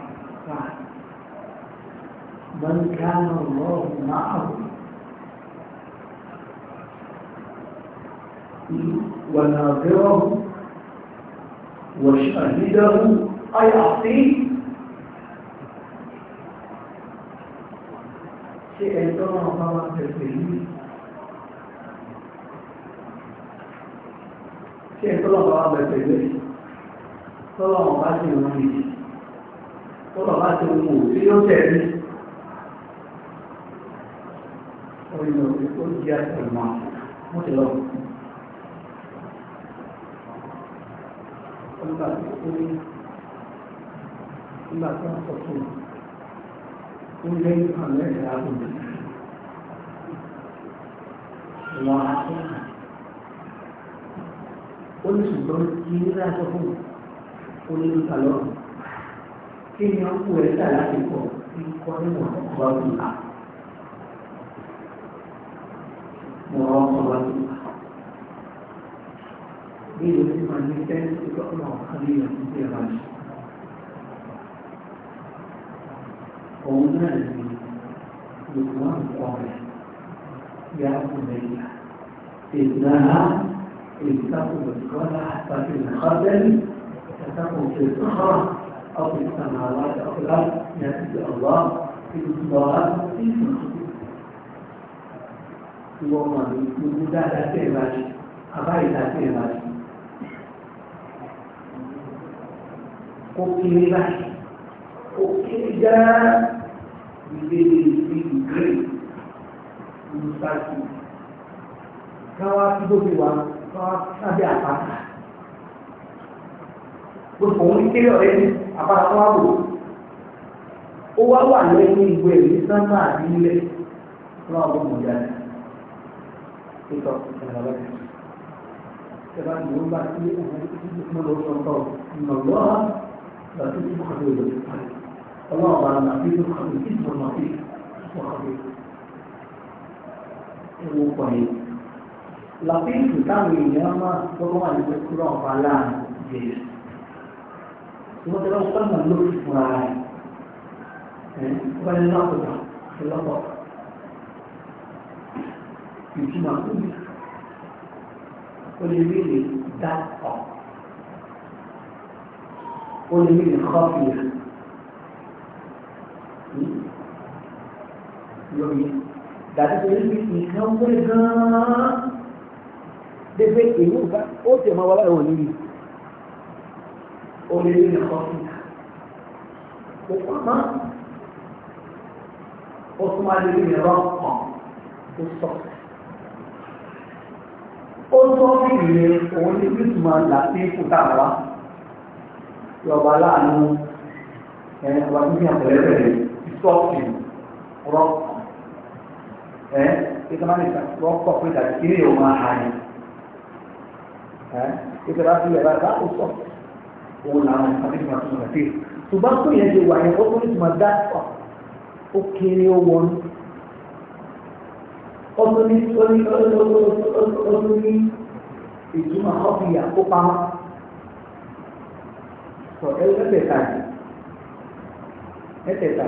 بل كان الله معه وناظره وشاهده أي أعطيه سيئتنا طبعا تسليم سيئتنا طبعا تسليم طبعا ما تسليم طبعا ما تسليم orí lọ sí ó jẹ́ ìmọ̀ mo ti lọ. nígbà tí ní nígbà tí wọ́n sọ fún un ó lé àwọn ẹ̀rọ àbúrò wọn àti ó ní ṣùgbọ́n kí nígbà sọ fún un ó ní nípa lọ́rùn kí ni ó kú ẹ̀ dà láti kọ̀ kí kọ́ nínú ọ̀pọ̀ ọ̀gbà مراقبة دي لازم عندي تاني تقرأ خلينا في العشاء هنا لقمان قابل يأكل ليلة إنها إن تكن الصلاة ففي الخبر ستكن في الصخرة أو في السماوات أو في الأرض يأتي الله في الصلاة في ìwọ ọmọ mi gbogbo dáadáa tẹ̀ ẹ̀ máa ṣe àbá ìta tẹ̀ ẹ̀ máa ṣe. kó kéré báyìí kó kéré dáa ìbéèrè ìbí ìgbé olùsáàkì káwá tí ó fi wà káwá sábẹ́ àpáta gbogbo òun kéré ọ̀rẹ́ ní àpáta ìtọ̀ ìrọ̀lẹ́ ìjọba ni ó bá sí àwọn ìdíjú tí wọ́n lọ sọ ìnàwọ́ àti ìdíjú kan lè lọ ọlọ́ọ̀bá àti ìdíjú kan lè sí ìtọ̀nà sí ìtọ̀kọ̀lẹ̀ ewu pọ̀lẹ̀ làfíìsì táwọn èèyàn máa tọ́wọ́ àdúgbò kúrò ọ̀pá láàrin ìjẹ̀yẹ̀ ìwọ́n ìtumọ̀ fún mi o lè rí lè dá ọ̀ o lè rí lè kọ́ fi hàn hmm? lórí dàbí pé níbi nǹkan wé gan-an débé èyí ò bá ó tẹ̀ mọ́ wàhálà ìwọ̀n níbi o lè rí fi hàn kò pamọ́ o tún máa lè rí lè rọ́ tó sọ̀rọ̀ ó tọ́ sí ìrìn òun ní bísùmọ̀ láti fún tàwa yọba láàánú ẹni ọba tó fi ìsọ́ọ̀kì rọ́ọ̀kì ẹ ìjọba ní pé tàbí kí ni yóò máa hà ní ẹ ìjọba fi yàrá bá ó sọ òun làwọn ìpàdé ìgbà tó ń rẹ̀ sí ṣùgbọ́n tó yẹ ti wà yẹn ó tó ní ìtumọ̀ dá ó kéré ó wọnú ọdún ní ọdún ní ìtumọ̀ ọ̀fìn àkópa sọ̀rọ̀ ẹ̀ẹ́dẹ́gbẹ̀ta yìí ẹ̀ẹ́dẹ́gbẹ̀ta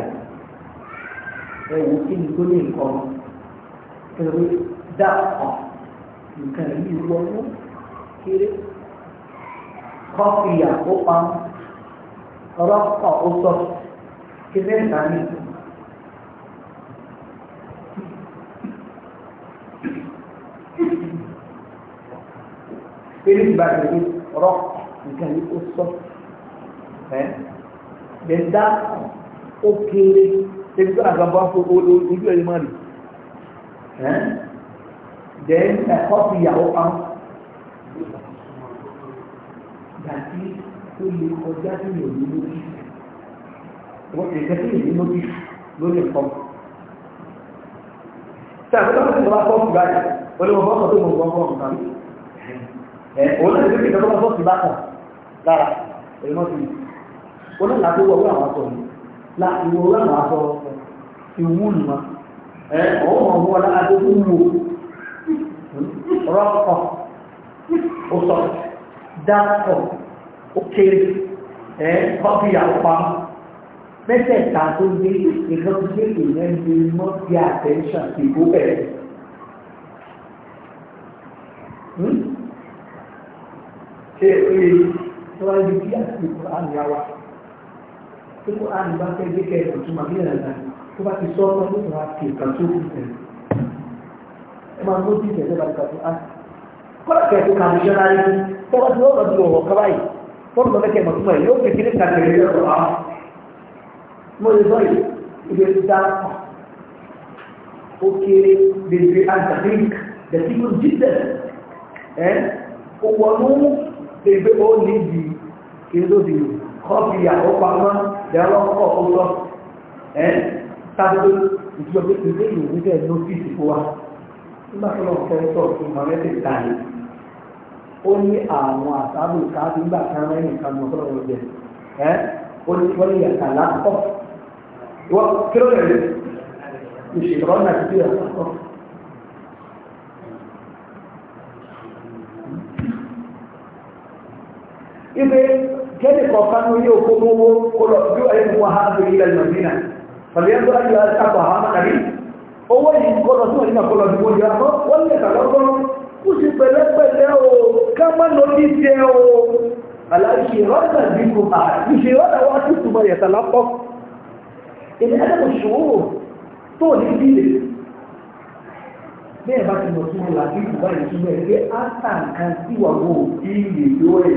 yìí ẹ̀wù kí ni tó lè kọ́ kẹwé dáàpọ̀ nǹkan yìí wọnú kéré kọ́fì àkópa rọ́pọ̀ ó kí mẹ́ta ní péré ìgbà tẹ̀lé rọ nǹkan yìí ó sọ ẹ́ dẹ̀dá ó kéré ebi tó àgbàbọ̀ àpò ojú ẹ̀yìn máa rì ẹ́ dẹ̀ ẹ̀kọ́ ti yàwó pa dàtí tu lè kọjá sí ìròyìn lórí wọ́n ti kẹ́kẹ́ ìròyìn lórí lórí ẹ̀kọ́ tí àgbàbọ̀ àpò ìgbà tẹ̀lé olùwọ̀n bọ́ọ̀kọ̀ tó mọ̀ gbọ́ngàn kan òun náà ìgbésẹ̀ ìjọba bọ́ sí bákan lára èyí mọ́ sí i òun náà láti wọ owó àwọn aṣọ yìí la ìwọ owó àwọn aṣọ ìwú nìma ọwọ́ mọ̀ wọn náà adé fún wo rọ́pọ̀ ó sọ dápọ̀ tó gbé nǹkan tó mọ́ bí àtẹ́ńṣà ìgbó bẹ̀rẹ̀. èèyàn tó wá ibi tí àti Kùránì yà wá tí Kùránì bá fẹ́ gbé kẹ́ẹ̀kan tó máa bílẹ̀ náà tó bá ti sọ ọ́ tó máa fi ìkan tó kù tẹ̀ ẹ máa mú bíbẹ̀ lẹ́ba ìka tó án kọ́lá kẹ́ẹ̀kọ́ kan ṣe náà yìí tó bá ti wọ́n lọ bí ọ̀rọ̀ kaba yìí wọ́n lọ bẹ́kẹ̀ mọ̀ túmọ̀ yóò kékeré kàkiri lọ́rọ̀ àwọn mo lè sọ yìí ibi ìta ó kéré bèbè àtàkì the people Jesus ẹ òwò ọdún pé ó ní ibi kìí tó ti kọ́ọ̀kì ìyàwó pamọ́ ìyàwó ọkọ̀ ó lọ ẹ́ tàbí ìjọba pé ìwé ìròyìn bẹ́ẹ̀ ló fi ìsìnkú wa nígbà tó lọ fẹ́ sọ fún mọ̀lẹ́tì tàyè ó ní àwọn àtàbù káàdì nígbà kan rẹ̀ nìkan mọ̀ tó lọ́wọ́ jẹ ẹ́ ó ní wọ́n ní yàtà lápọ̀ wọ́n kí ibe kẹ́lẹ̀ kọ̀ọ̀kan ní òkú mọ́wó kọlọ̀ bí ọ̀yẹ́ mú wáhá ní ilẹ̀ ìmọ̀dínà pàlẹ́yìn tó láti láti àpò àhámà kàrí owó yìí kọlọ̀ sí ọ̀dínà kọlọ̀ bí wọ́n yọ wọ́n lè kàlọ́gbọ́n kú sí pẹ̀lẹ́pẹ̀lẹ́ o kámá lọ ní jẹ́ o aláìṣe rọ́dà bí kò máa ìṣe rọ́dà wá sí ìtumọ̀ yẹ̀tà lápọ̀ èmi ẹ̀dẹ́kù ṣòwò tó ní bílẹ̀ bẹ́ẹ̀ bá ti lọ sí ọ̀là bí kò bá pé á tà nǹkan síwàwó bílẹ̀ yóò ẹ̀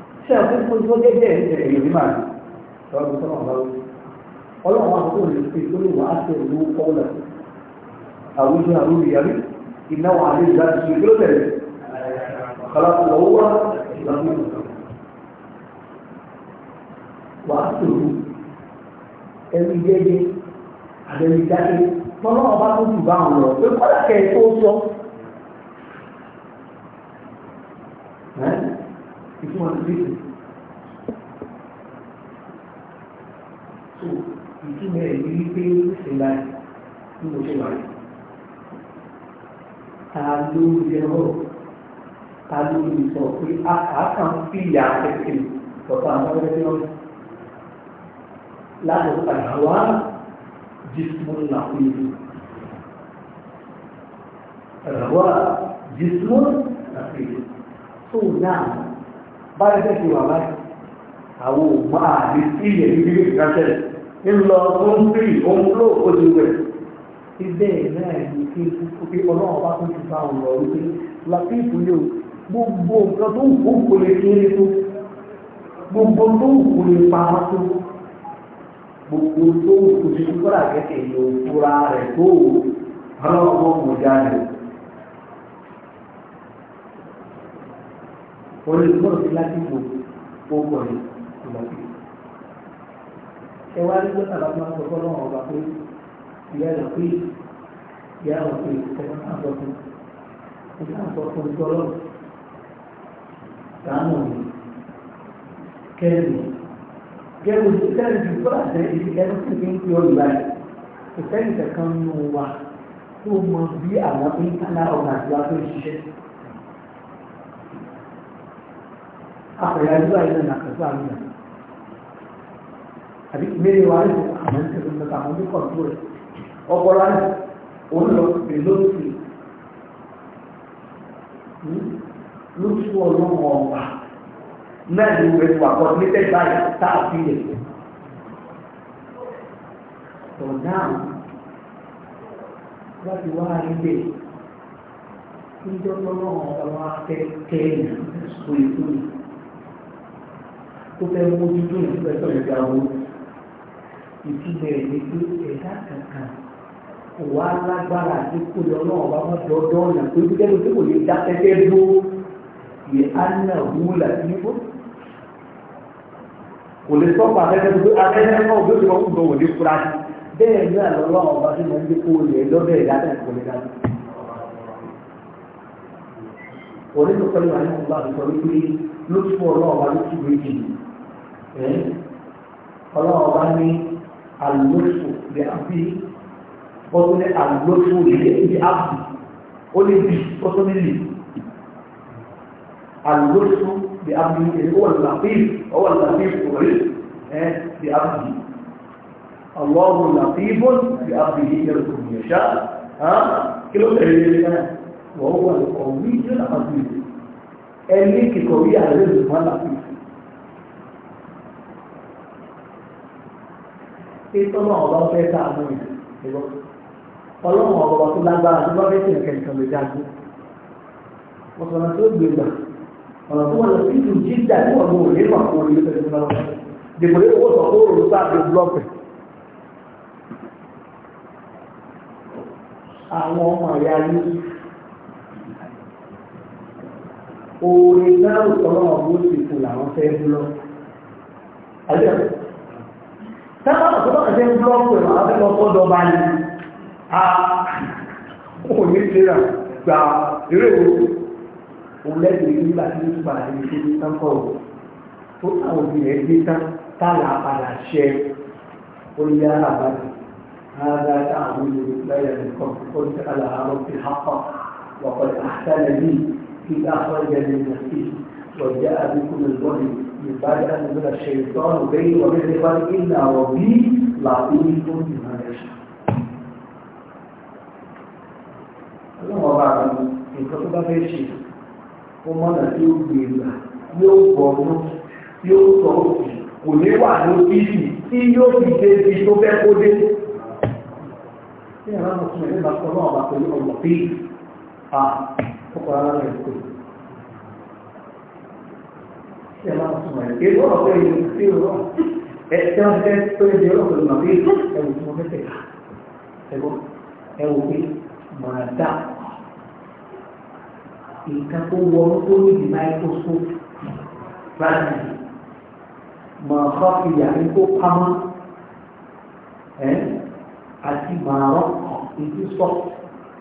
ṣe ọ̀sẹ̀ fún tó jẹ́jẹ́ ìṣẹ̀lẹ̀ yìí máa ní ọlọ́run tó náà lọ́wọ́ ọlọ́run àwọn tó lè fi tó lè wà á ṣe ìlú kọ́ọ̀lá àwùjọ àwùjọ yàrá ìnáwó àlè ìdájú ṣe kí ló tẹ̀lé kàlàkù ọwọ́ wá ìlànà wà á ṣe ìlú ẹni jẹ́jẹ́ àbẹ̀lẹ̀ ìdájẹ́ tọ́lọ́ ọba tó jù bá wọn lọ pé kọ́lá kẹ́ ẹ̀ tó sọ responsibility. so ìtumọ̀ èyí ni pé ṣe láì ní mo ṣe wáyé ta ló ń yẹ ọ́ ta ló ń sọ pé àkàkà ń fi ìyá kẹ̀kẹ́ ọ̀pọ̀ àwọn ọ̀rẹ́dẹ́ ọ̀rẹ́ láti padà wá jismu làkúyè rẹwà jismu làkúyè tó náà báyìí tẹ́sí wà báyìí àwọn òmà àti ilẹ̀ níbi ìgbè kásẹ̀ ńlọ tó ń bì òun ló oṣù rẹ̀ ibẹ̀ náà ní kí kí ọlọ́run bá tún ti bá òun lọ wípé látìpù yóò gbogbo nǹkan tó ń kó kò lè kéré tó gbogbo tó ń kò lè pa á tó gbogbo tó ń kò lè kúrò àgẹ́kẹ̀ yóò fura rẹ̀ tó ọlọ́run mọ̀já rẹ̀. òun lè gbọ́dọ̀ sí lásìkò owó rẹ̀ kò lọ́sí. ẹ wá rí gbọ́dọ̀ bá máa ń sọ fọ́lọ́ ọ̀gá pé ìyá rẹ̀ pé ìyá rẹ̀ pé ẹ̀rọ náà sọ fún un ìyá sọ fún un tọ́lọ́ sàánù mi kẹ́ẹ̀mì kẹ́ẹ̀mì tó kẹ́ẹ̀mì tó kọ́ àtẹ ìdí ẹni tó fi ń pè ọ́ ìgbà yìí kò sẹ́yìn nù wá tó mọ bí àwọn tó أخرج الله إلى نقصان منه àbí ìmẹ́rin wa ní àwọn ìṣẹ̀lẹ̀ mẹ́ta àwọn ní kọ̀tù rẹ̀ ọgbọ́ra ní òun lọ pè lóṣù lóṣù ọlọ́wọ́ ọ̀gbà náà ní ìwé ìwà kọ́ ní tẹ́gbà yìí tá a fi lè wá ilé níjọ́ lọ́wọ́ ọ̀gá kẹ́kẹ́ yìí sọ ètò yìí tó fẹ́ mójútó ìfẹ́sọ̀ ìgbàwó ìtumọ̀ ẹ̀ ní pé ẹ̀dá kankan kò wá lágbára àti kó lọ náà wá wọ́n dọ́dọ́ ọ̀nà tó bí kẹ́lẹ́ tó kò lè dá tẹ́tẹ́ dó yẹ ánà wúlà níbo kò lè sọ fún akẹ́kẹ́ tó akẹ́kẹ́ náà bí ó ti wọ́n kú lọ wò ní fura sí bẹ́ẹ̀ ní àlọ́ lọ́wọ́ ọba tí mo ń dé kó lè lọ́dọ̀ ẹ̀dá tẹ̀ kò lè dá onídọ̀kọ́lẹ̀ wà ní ọba àti sọ wípé ló tún ọlọ́ọ̀ba ló tún wípé ọlọ́run bá ní àlùfò lè àbí ó tún ní àlùfò lè àbí ó lè bì ó tún ní lè àlùfò lè àbí ó wà lábí ó wà lábí òrí ẹ lè àbí ọlọ́run lábí bó lè àbí yẹrù kò yẹ ṣá kí ló tẹ̀lé yẹn náà wọ́n wà lọ́kọ̀ọ́ wí jẹ́ àbí ẹni kìkọ̀ wí àrẹ lè mọ́lá. pé tọ́lọ́ ọ̀rọ̀ fẹ́ sáànù yìí ẹ̀rọ ọlọ́run ọ̀rọ̀ tó lágbára tó bá fẹ́ sí nǹkan nǹkan lè dájú ọ̀sán tó gbé gbà ọ̀nà tó wọ́n lọ sí ìlú jíjà tí wọ́n lò nípa kó o lè fẹ́ lọ́wọ́ dèbò lè wọ́n sọ kóòrò ló sáà tó blọ́ọ̀kì àwọn ọmọ ìyá yìí òòrè náà ọlọ́run ọ̀gbọ́n ti kù làwọn fẹ́ blọ́ọ̀kì sábà tó bá kẹsẹ̀ ń búlọ́ọ̀kù ẹ̀rọ afẹ́lọ́kọ́ dọba ni a kò ní síra gba eré wo òun lẹ́gbẹ̀ẹ́ nígbà tí ó gbà ní ṣe ní sáńkọ̀ wò tó àwọn òbí rẹ̀ gbé tán tààlà padà ṣẹ orí alábàdì هذا تعويل بين الكفر قلت ìbájá ní ìlú ṣe ìtọ́nù pé ìwọ̀n bí ṣe wáyé ìlà ọ̀rọ̀ bí làbí tó ti máa rẹ̀ ṣe. ọlọ́run ọba àwọn nǹkan tó bá fẹ́ ṣe ó mọ́nà tí ó gbé ìlà yóò gbọ́ ọdún yóò sọ òkè kò ní wà ní ìlú tí yóò fi dé ibi tó fẹ́ kó dé. ní ìlànà tó ń bá sọ náà bá pẹ̀lú ọ̀gbọ̀n pé a ó kọ́ ara rẹ̀ kò Se llama Sumari. Y bueno, soy un tío, Este hombre, estoy en diálogo con Madrid, el último que se Según, el último, Manatá. Y tampoco hubo un tío ni nadie por su plan. Mà khó thì giả đến cô Pama, àti màá rọ̀ ìdí sọ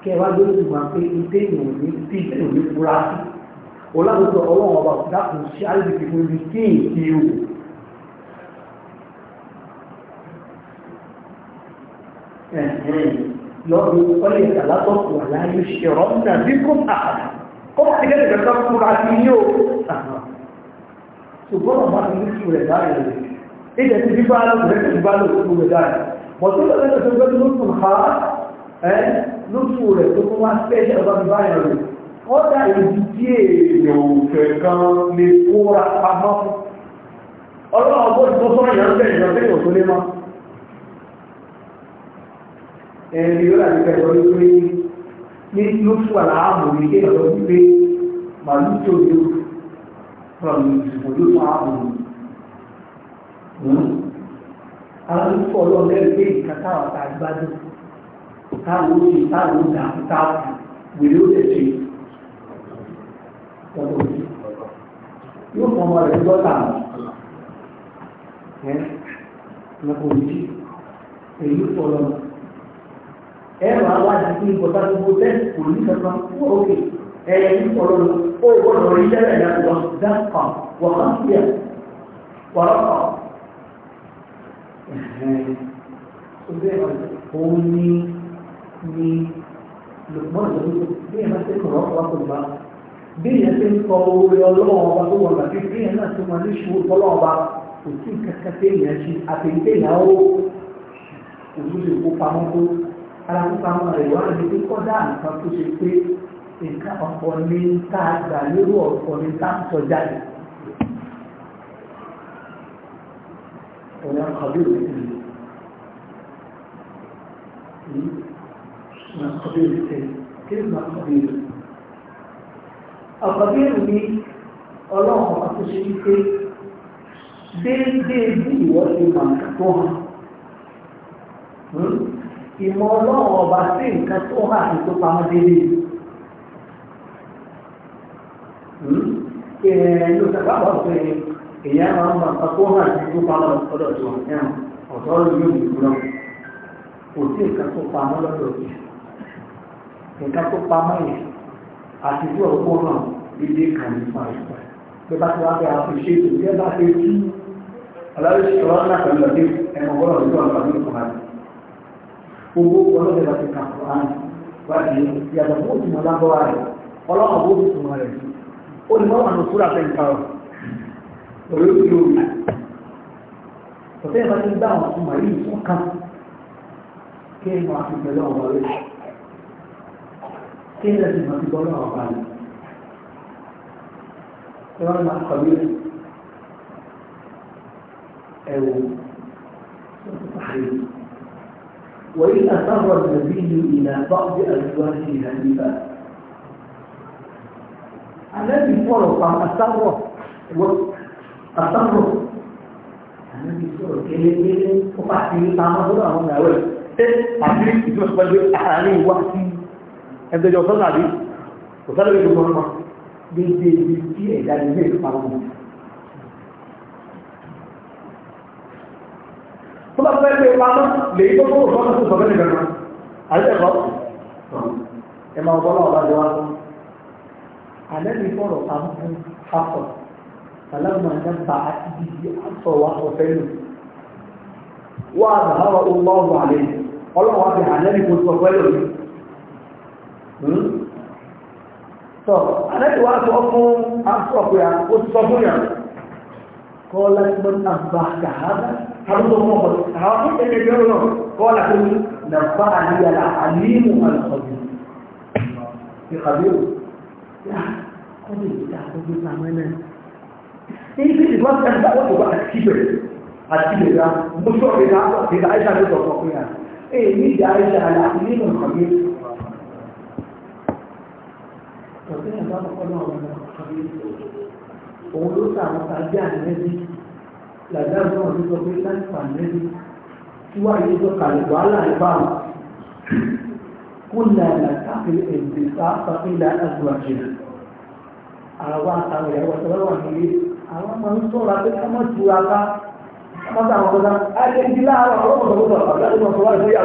kẹwàá lórí ìwà pé ìdí ìròyìn tí ìròyìn fura sí olóòótọ́ ọlọ́run ọba dákùn sí àrídìkì fún ibi kí èyí o lọ́dún ọlẹ́ ìtàlátọ̀ kò wà láyé ṣẹ̀rọ nígbà bí kò àkàdà kó bá ti gẹ́gẹ́ gẹ́gẹ́ fún ra sí yóò ṣùgbọ́n ọmọ àti ní ṣù rẹ̀ dáre rẹ̀ kọ́dà ìdí tí èèyàn òfẹ́ kan lè kóra pamọ́ fún ọlọ́run bó ti tó sọ́rọ̀ ìyàn bẹ̀rẹ̀ ìyàn tẹ́yìn òtó lé mọ́ ẹni yóò láti kẹ́kọ̀ọ́ ní pé ní lóṣù àlàáàmù ní kí èèyàn lọ sí pé màálù hmm. tó lé pẹ̀lú ìdìbò lóṣù àmù àwọn olùkọ́ ọlọ́run lẹ́rìí pé ìkàtà gbádùn táwọn oṣù táwọn ìdàkútà ó tẹ̀sí yóò fọ ọmọ rẹ̀ lọ́tà ẹ̀ lọ́kọ̀ òjì èyí pọ̀ lọ. ẹ máa wá di kí nǹkan tó gbogbo tẹ́ kò ní kankan fún òkè ẹ̀yẹ ní pọ̀ lọ ó gbọ́dọ̀ rí lẹ́rẹ̀ yà wọ́n dákà wọ́n á fi à wọ́n á fà. òun ni ni lùpọ̀ lọ́wọ́ bí ẹ máa ṣe kọ̀ọ̀kan wá pẹ̀lú báwọn bí èèyàn ti ń kọ orí ọlọ́wọ́n ọba tó wọ̀n gbàgbé bí èèyàn náà tó máa ní ṣòwò ọlọ́wọ́n ọba kò sí kankan tí èèyàn ṣe àtẹ̀yìntẹ̀ ìyàwó òṣùṣe kó pamọ́ tó ara kó pamọ́ rẹ̀ wá ní pé kọ́dà nǹkan tó ṣe pé nǹkan ọ̀pọ̀ ní tá a gbà lérò ọ̀pọ̀ ní tá a sọ jáde. ọ̀nà kọ̀bí òbí tẹ̀lé ọ̀nà kọ̀bí òbí tẹ̀lé kí àkọ́bírù ní ọlọ́run ọba tó ṣe wípé déédéé bí ìwọ ti mà tó hàn hmm? ìmọ̀ ọlọ́run ọba sí nǹkan tó hàn ní tó pamọ́ déédéé èèyàn ló sábà wà pé èèyàn máa ń mọ nǹkan tó hàn ní tó pamọ́ lọ́dọ̀ tó hàn ẹ̀hàn ọ̀dọ́ ló yóò yìí lọ kò sí nǹkan tó pamọ́ lọ́dọ̀ tó nǹkan tó pamọ́ yẹn àti tí ọ̀pọ̀ náà ilé kàlífà ìgbà pé bá ti wá pé àwọn ìṣe ètò tí ẹ bá ṣe tú aláwòṣe ọ̀rọ̀ náà pẹ̀lú ọdẹ ẹ̀mọ̀ gbọ́dọ̀ lójú ọ̀sán ní ìkọ̀ọ̀rọ̀ gbogbo ọlọ́dẹ bá ti kà fún wa wájú yàtọ̀ fún òtún ọlágbọ́wá rẹ̀ ọlọ́run bó ti tún rẹ̀ ó ní wọ́n wà ní sùúrà fẹ́ nǹkan rọ̀ òwe ó ti òwe ọ̀tẹ́ ìbá ti ń dá kéèyàn ti mọ̀ sí bọ́lá ọ̀pá ni. Ṣé wọ́n máa kọ̀ mí ẹ̀wò وإن أسر النبي إلى بعض أزواجه هنيفة الذي فرق أسر أسر الذي فرق كلمة وقعت في طعمه أو ناوي أسر يجوز بل أحالي وقتي ẹgbẹ́jọ sọ́nà àbí kò sáré lè gbọ́n mọ́ dédé ibi tí ẹ̀dá ilé ìpamọ́ mọ́. tó bá fẹ́ pé e pamọ́ lèyí tó kúrò sọ́nà tó sọ̀rọ̀ nìkan náà àríkẹ́kọ̀ọ́ ẹ máa bọ́ náà bá jọ wá lọ. alẹ́ mi fọ̀rọ̀ pamọ́ fún afọ̀ alámọ̀ ẹ̀dá bá a ti di di afọ̀ wa ọ̀fẹ́ lò wá àlẹ́ ọlọ́wọ́ àbẹ̀ tọ́ alẹ́tì wá sọ fún asọ́pẹ́ ó ti sọ fún yàn kọ́lá gbọ́n àgbà kàhádà kàrùtọ̀ mọ́ ọ̀pọ̀ àwọn tó tẹ̀lé gẹ́rù náà kọ́lá tó ní nàbà àlìyàlà àlìmù àlùsọ̀bì ti kàbíyù yá kọ́lá ìdá àkọ́gbé sàmẹ́nà ní bí ìgbọ́n tẹ̀lé àwọn tó ọ̀sẹ̀ yẹn bá kọ́kọ́ náà wọn náà kàbí òun ló ta àwọn tàbí ànẹ́bí làdá náà ló sọ pé láti pa ànẹ́bí tí wàá yé sọ kàlẹ́ wàhálà ẹ̀ bá wọn. كنا نتقي الانبساط إلى أزواجنا àwọn àtàwọn ìyàwó ọ̀sẹ̀ wà nílé àwọn máa ń sọ̀rọ̀ pé ká má ju ara ká má sàwọn ọ̀dọ́ ayé ti láàárọ̀ ọlọ́mọdé ọ̀dọ́ àbúrò ọ̀sẹ̀ wà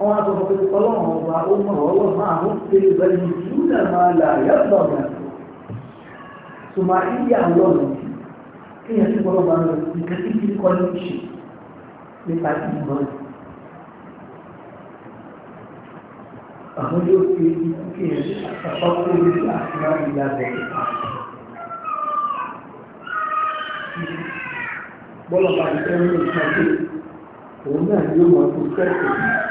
àwọn àtọ̀kọ̀tọ̀ ọlọ́run ọba ó mọ̀ ọwọ́ máa ń pè bẹ́ẹ̀ ní júlẹ̀ máa là yàtọ̀ rẹ̀ tùmọ̀ ilé àlọ́run kí yẹn tí wọ́n bá lọ nǹkan tí kí kọ́ ní ṣe nípa ìmọ̀ rẹ̀ àwọn yóò fi ikú kí yẹn àpapọ̀ orí àti máa ń ya bẹ̀rẹ̀ bọ́lọ̀ bá ti ní ìpàdé òun náà yóò mọ̀ tó fẹ́ẹ̀kọ̀ọ́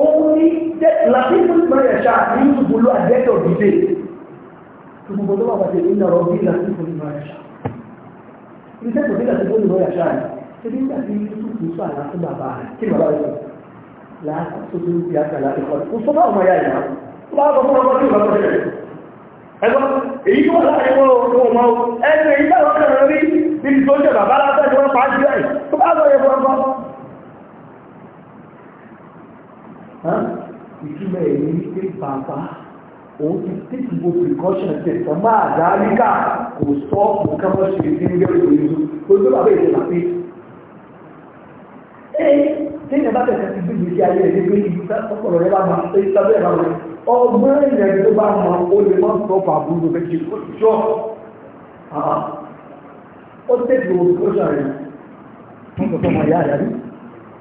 òun ní làtífún ìmọ̀ẹ̀ṣà ní ìbúlò àjẹ́tọ̀ dìde gbogbo tó wà pàtẹ ìlú ọ̀rọ̀ bí làtífún ìmọ̀ẹ̀ṣà ìjẹ́tọ̀ bí làtífún ìmọ̀ẹ̀ṣà rẹ̀ ṣe bí nígbà tí yusuf sọ àlá fún bàbá rẹ̀ kí bàbá rẹ̀ láàkó tó ń fi àkàlà ìkọ̀ kó sọ báwọn ọmọ ya ìyá ó bá wọn fọwọ́ sí ìbámu rẹ̀ ẹgbọ́n èyí tó wà láàrin wọn ò mọ ẹgbẹ́ ìgbà wọn kàn rí níbi tó ń jẹ bàbá lásán ni wọ́n pa á jù ẹ̀ tó bá wọn yẹ fọwọ́ ìtumọ̀ èyí ni pé bàbá òun ti take gbogbo precaution ṣe tán máa dá níkà kò sọ kò ká mọ́ ṣe ti ní gẹ́gẹ́ ìwé ìlú tó tó bàbá ìṣẹ̀lá pé ẹ tẹ́lẹ̀ bá tẹ̀sán ti bí ìgbésí ayé rẹ̀ nígbé ìlú ọpọlọ rẹ̀ bá máa ṣe ìtàbí ẹ̀rọ rẹ̀ ọgbọ́n ìrìn tó bá mọ ó lè mọ́ sọ bàbú ló fẹ́ ṣe kó jọ ó tẹ̀sán gbogbo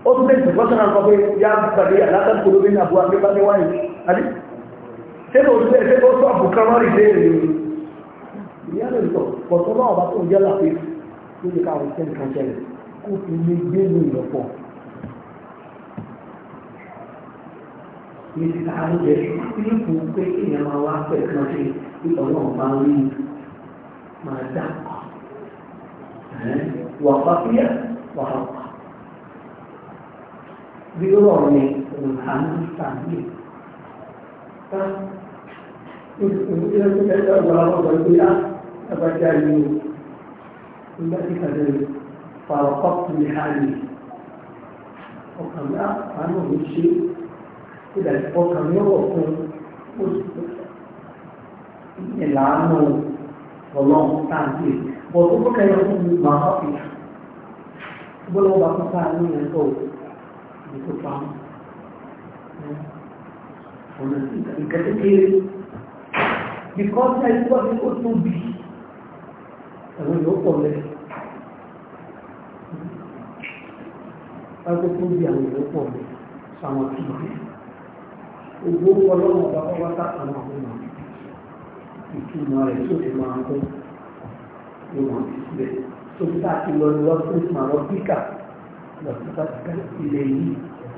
ó tún lè tún lọ́sọ̀rọ̀ nǹkan pé yá gbàgbé àlátà kúrò ní àbúrò agbébá ní wáyé àbí ṣé kò tún ẹ̀ṣẹ́ kó sọ àbùkà wọ́n rí dé èrè ìyá lè sọ pọ̀tọ́ náà bá tó ń jẹ́ láti tó lè káwọn ṣe nǹkan ṣẹlẹ̀ kó fi lè gbé ní ìlọ́pọ̀ ní ti ká ló jẹ nínú kò pé èèyàn máa wá pẹ̀ kan ṣe ìtọ̀ náà bá ń rí máa dá wà pàfíà wà hàn بإيراني ومحمد الثاني فوقفت لحالي وكان أعلم بشيء إذا وكان يغفر مجدد العلم والله تعزيز وكيف يكون مخافيا ولو بقى تعلمين الغوث di ètò pamọ́ ọ̀nà sí ìkẹ́kẹ́kẹ́rẹ́ bíkọ́sí ẹgbọ́ tí ó tóbi àwọn yóò pọ̀ lẹ́ ẹgbẹ́ tó bí àwọn yóò pọ̀ lẹ́ sáwọn tó bí ogbó ọlọ́run ọba pátá àwọn àwọn ọmọ ìtumọ̀ rẹ̀ tó ti máa kọ́ ló máa fi sílẹ̀ tó bí láti lọ lọ sí ìmọ̀ àwọn piccato. lọ́pàá ilẹ̀ yìí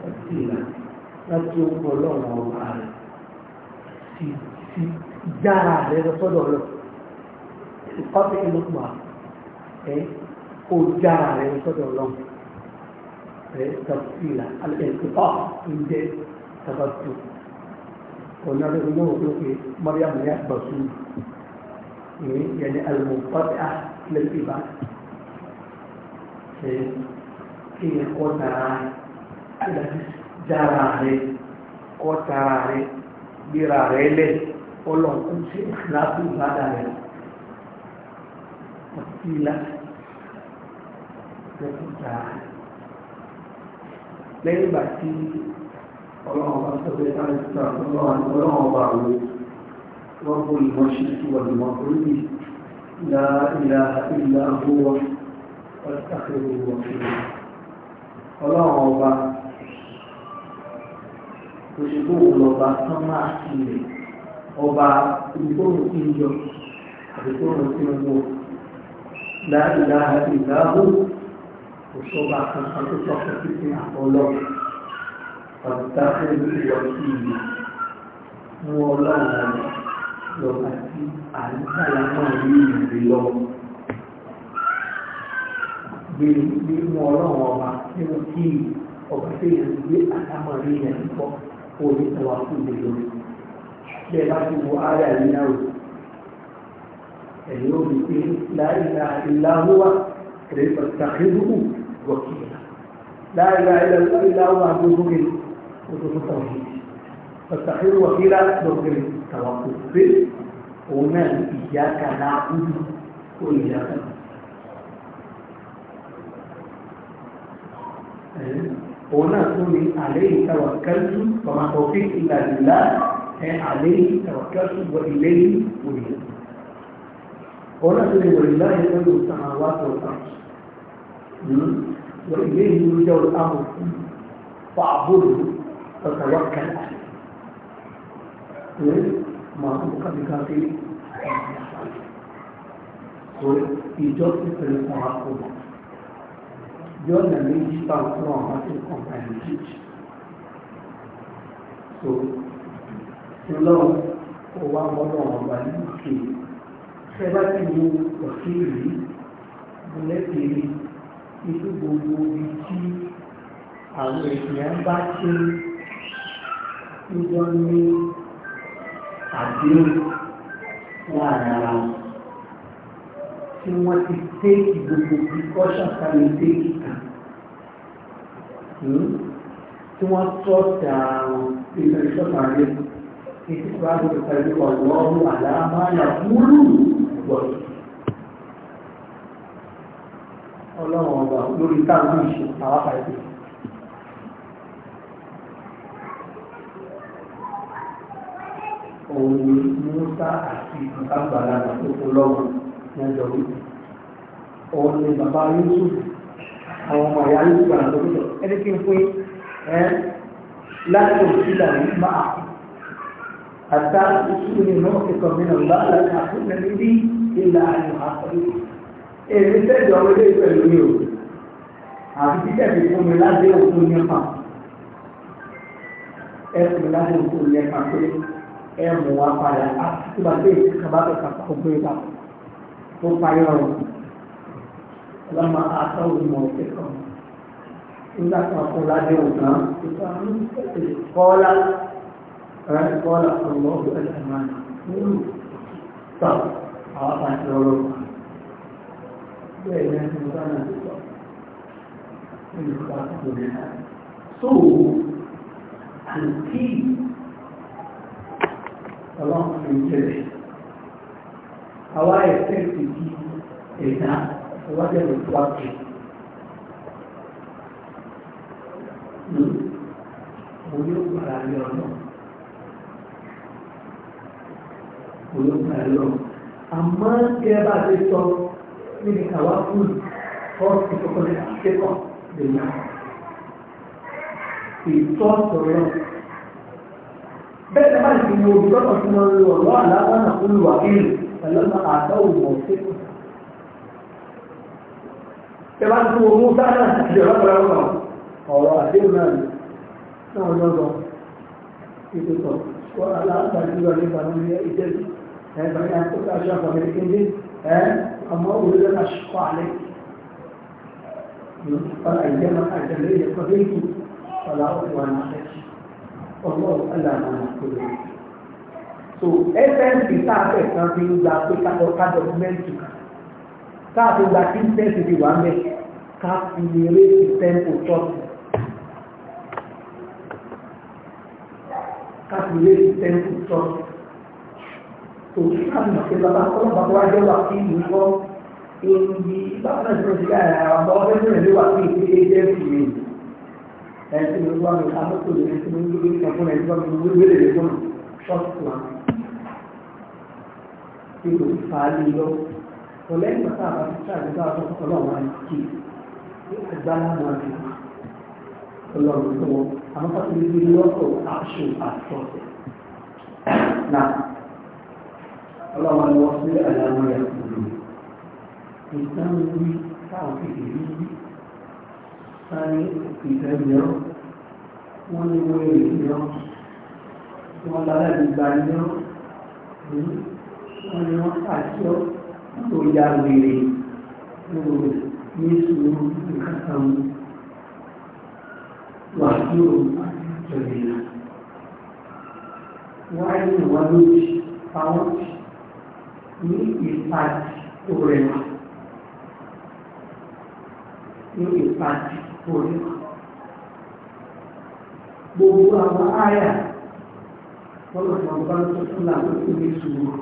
ọtí ìlà láti orúkọ ọlọ́run ọba rẹ̀ ti ti dára rẹ̀ lọ sọ́dọ̀ lọ ìkọ́tẹ́ ìlú pa ẹ̀ kó dára rẹ̀ lọ sọ́dọ̀ lọ rẹ̀ tọ́pù ìlà alẹ́kùtọ́ ń jẹ́ tàbátù ọ̀nà rẹ̀ ló kí ni kọ́ tara rẹ̀ alàbí dára rẹ̀ kọ́ tara rẹ̀ gbéra rẹ̀ lẹ̀ ọlọ́nkún sí ìlàbù ìbádà rẹ̀ ọtí láti lẹ́kùn tara rẹ̀ lẹ́yìn ìgbà tí ọlọ́run bá sọ pé táwọn wọ́n bó ìmọ̀ ṣe sí wọ́n orí la ilaha illa huwa wọ́n tàkìrò wọ́n fi ọlọ́run ọba òṣèlú ọlọ́ba tán máa fi rè ọba ìgbóhùn tí ń yọ ìgbóhùn tí ń wọ láìlá ìdáhù òṣọba kankan tó tọ́kọ títí àkọlọ́ ọ̀dùtàkùn ìwọ sí ìlú mú ọlọ́run lọ́ba tí àyíká yàtọ̀ ní ìrìn lọ́wọ́. mímú ọlọ́run ọba nínú kí ọba fẹ́yàn gbé àtàmọ́rí yẹn nípọ̀ orí ẹwà fún ìdílé bí ẹ bá ti wo ara yìí náà rò ẹ̀yìn òbí pé láìla ìlàwọ́wà rẹ̀ pàtàkìlúkù gọ̀kìlá láìla ìlàwọ́wà gbogbo òtútù tàwọn pàtàkìlú wàkìlá lọ́gbẹ̀rẹ̀ tàwọn kò pé òun náà ìyá kan náà kú ó ìyá kan náà òun náà tún ní àlẹ́ ìtawàkẹ́lú tọmatọ̀ fi ìlàlílá ẹ àlẹ́ ìtawàkẹ́lú wọ ilé ìwòye òun náà tún ní wòye láyé lọ́dọ̀ sàmà wá tó ta wọ ilé ìwòye jẹ́ olùkọ́ fọ àbúrò tọ̀tàwákẹ́lú máa ń kọ́ nípa pé ìjọ ti pẹ̀lú ọ̀rọ̀ àkọ́bọ̀ yóò nà méjì bá fún àwọn tó kàn bá yẹn jíjì so lọ́wọ́ kó wá gbọ́dọ̀ wọn bá ní ìṣe ṣe bá ti mú ọ̀sẹ̀ yìí lẹ́kẹ̀ẹ́ ikú gbogbo ibi tí àwọn èèyàn bá ṣe ń jọ ní àdéhùn fún ara wọn tí wọ́n ti téèkì gbogbo precaution tàbí téèkì kan hmm? tí wọ́n tọ́ da ìfẹ́ ìṣọ́ta rẹ̀ ní ti bá gbogbo pẹ̀lú ọ̀lọ́run àlàámáyà wúlù gbọ̀dọ̀. ọlọ́run ọba lórí táwọn ìṣe àwọn àìsàn. òun ni musa àti àgbàlagbà tó kó lọ́wọ́ lẹ́jọ̀rú òun ni bàbá yusuf àwọn ọmọ ìyá yusuf àti olùdó ẹni kí n pé ẹ láti òṣìlá yìí máa àtà ìṣúlù ní náà ti kọ̀ nínú bá láti àfihàn níbi ìlà àyùn àkọlù èmi tẹ́jọ́ ilé ìpẹ̀lú mi ò àti títẹ̀ fi fún mi láti òkú nípa ẹ fún mi láti òkú nípa pé ẹ mú wa padà àti tí wàá gbé ìkàbá tó kàkọ́ gbé ìpapọ̀ ó parí ọ̀rọ̀ ọlọ́mọ àtọ́wò ìmọ̀ òkè kan nígbà tó ọkọ̀ ládé ògán kọ́lá ẹ̀rọ kọ́lá ọ̀rọ̀ ọ̀gbẹ́ ẹ̀dàmà nínú tọ́ àwọn àti ọ̀rọ̀ bẹ́ẹ̀ ni mo bá nà sọ nínú pàtó rẹ̀ so àǹtí ọlọ́run ń jẹ́rẹ̀ẹ́ àwa ẹ̀sẹ̀ ìsìnkú ẹ̀dá ìwádìí ẹ̀rọ tó àjò. Mo yóò gbàrà lé ọ̀nà. Mo yóò gbàrà lé ọ̀nà. Àmọ́ kí ẹ bá ti sọ níbi àwa fún ọ̀sì kọ́kọ́ ní àkẹ́kọ̀ọ́ lè yá. Ìtọ́ sọ̀rọ̀ bẹ́ẹ̀ ni bá ti wo olùdókòtò náà lọ lọ́wọ́ àlágbọ́nà olùwàkílù. فلما أعطوه موثقه كما أنتم موسى أنا جرب رمضان ọ̀rọ̀ àdéhùn náà ni náà lọ́dọ̀ ìtòtò wọ́n aláàbàjúwà nípa lórí ìjẹ́bí ẹgbà ní àkókò àṣà àfàmìlì kéde ẹ ọmọ òwúrọ̀ náà ṣùkọ́ alẹ́ yóò fara ìjẹ́mà àjẹ́lẹ́ ìjẹ́kọ́ lẹ́yìn ọ̀là ọ̀pọ̀ àná ọmọ ọ̀là àná kúrò so fnc sáfẹ̀ kan fi ń gba pé kájọ kájọ mẹ́tù káàtó gba kí tẹ́sí fi wà mẹ́ ká fi eré ti tẹ́ǹpù tọ́sí ká fi eré ti tẹ́ǹpù tọ́sí tó káàtó mọ̀ pé bàbá ọlọ́pàá tó wájú wà kí ìlú kọ́ èyí bàbá náà tó ti dára àwọn ọmọ ọdún tó lè wà kí ìdílé jẹ́ fìwé ẹni tí mo wá mi àmọ́ tó lè ní tí mo ń gbé fún ẹni tí mo ń gbé lè lè fún mi ṣọ́ọ̀tù àwọn tí o fà á lé lọ ọ̀lẹ́yìn pàtó àwọn títí àdúgbò àtọ́kọ́ ọlọ́run á kì í agbára máa fi ọlọ́run tó wọn àwọn pàtó lè gbé lọ́kọ̀ àṣọ àtọ́ na ọlọ́run ni wọ́n fi àyàwó rẹ̀ kúrò ìtàn wí táwọn kékeré wí sáré ìfẹ́ mìíràn wọ́n ní wọ́n èrè mìíràn wọ́n lára ìgbà mìíràn wọn ni wọ́n pàṣẹ tó ya wèrè ní sùúrù nǹkan kan wà ní òun jọ̀lẹ̀ wọ́n ní wọ́n ló ti pàwọ́ ní ìpàdé tó rẹwà o ìpàdé tó rẹwà gbogbo àwọn o wọ́n o sọ̀rọ̀ bá ń sọ fún làwọn tó o sùúrù.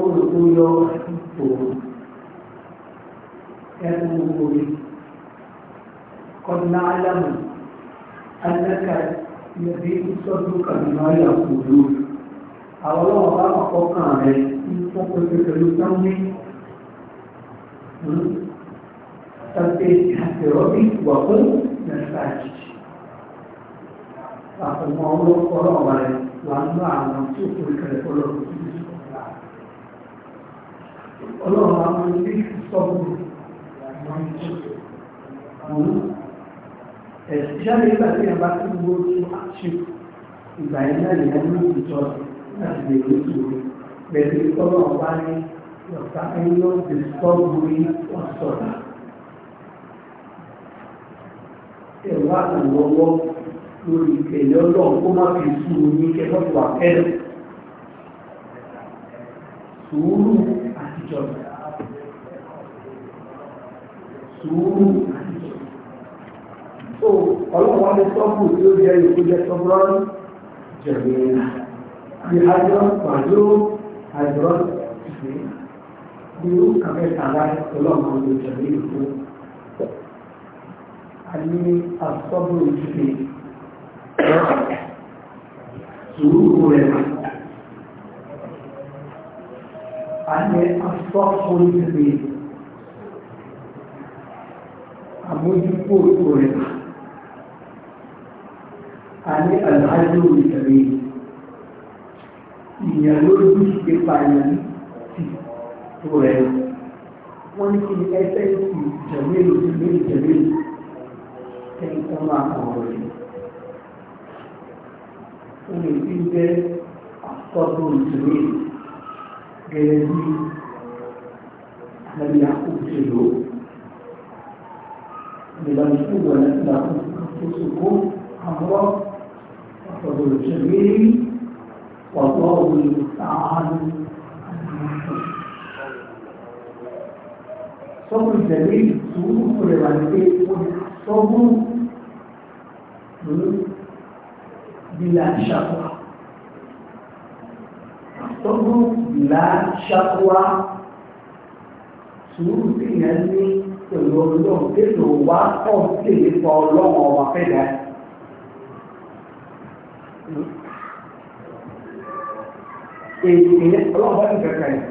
oòrùn tó yọ òòrùn ẹnu orí kọ́nà álámù alẹ́ka ìyẹ̀bí sọ́dún kàmínà yàkùnrin àwọn ọlọ́wọ́ bá kọ́kọ́ kàn rẹ̀ ń hmm? fún pẹ̀lú pẹ̀lú sáwọn تبديل حتى ربي وقل نستعجل فأخذ المعروف ورغم وعنده عن منصوص الكلام ọlọ́run àwọn ilé ìsọ́gbọ̀n ìṣẹ́lẹ̀ ìgbà tí a bá tí gbogbo tí a ṣe ìgbà ìlà ìyá ní ìjọ láti lè lóṣù pẹ̀lú ìtọ́lọ̀ ọba ní ọ̀sá ẹ̀yọ́ ìsọ́gbọ̀n ọ̀sọ̀rọ̀ ẹ̀wà ìwọ́wọ́ lórí ìpẹ̀lẹ̀ ọlọ́run kó má fi sùn ní kẹ́kọ̀ọ́ àkẹ́rẹ́ sùúrù ìjọba sùúrù So, ọlọ́pàá ní sọ́ọ̀bù tí ó jẹ́ ìlú jẹ́ sọ́bùrọ́n jẹ̀mí ní àjọ pàdó àjọ ìgbé irú kàmẹ́ta láì ọlọ́pàá ní jẹ̀mí ìlú a ní asọ́bùrù ìgbé sùúrù rẹ̀ àyẹ asọ́pọ̀ ìgbè àmójúkò tó rẹ̀ àyẹ àlàájú ìgbè ìyàn lórí ìgbèpa ìyàn ti tó rẹ̀ wọ́n ní kí ẹgbẹ́ ìsìn ìjẹ̀mẹ́lò ìjẹ̀mẹ́lò ìjẹ̀mẹ́lò ẹni tó máa kàn rẹ̀ ó lè fi jẹ́ àkọ́dún ìjẹ̀mẹ́lò gẹ́gẹ́ bí àlàyé àkókò ṣe lò ìlànà ìṣòwò àlàyé àkókò ṣe kó àwọn ọ̀pọ̀lọpọ̀ ìṣẹ̀lẹ̀ rí ọ̀pọ̀ òun àánú sọ́kùn ìṣẹ̀lẹ̀ ìṣòwò kò lè wà ní pé sọ́kùn bí i àṣàkùn tọ́gbù là ṣàkóyá sùúrù sí ìyẹn ní pẹ̀lú ọlọ́run kéèlò wá pọ̀ sí nípa ọlọ́run ọmọ fẹ́dà. èyí ọlọ́run bá ti kẹ̀kẹ́ yìí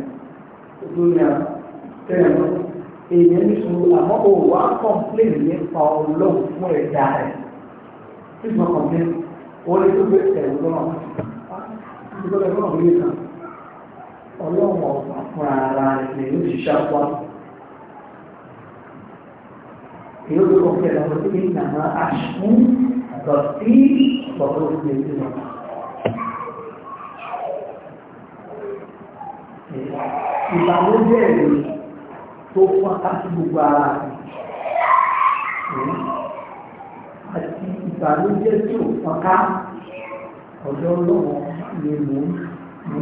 lórí àtẹ̀yìn lọ èyí ní sùúrù àmọ́ ò wá pọ̀ sí nípa ọlọ́run fún ẹ̀dá rẹ̀ tí mo kàn ní wọ́n lè tó gbé ẹ̀rù lọ́wọ́ ọlọ́run ọ̀pá fún ara rẹ̀ ló ti ṣàpá yóò tó kọ̀ọ̀kẹ́ lọ́wọ́ sí ìlànà àṣùn lọ sí ọ̀pọ̀ òṣèlú ìlú lọ. ìbànújẹ́ èrè tó fún àti gbogbo ara rẹ̀ àti ìbànújẹ́ tí ò fọ́nká ọ̀dọ́ ọlọ́run ni mò ń mú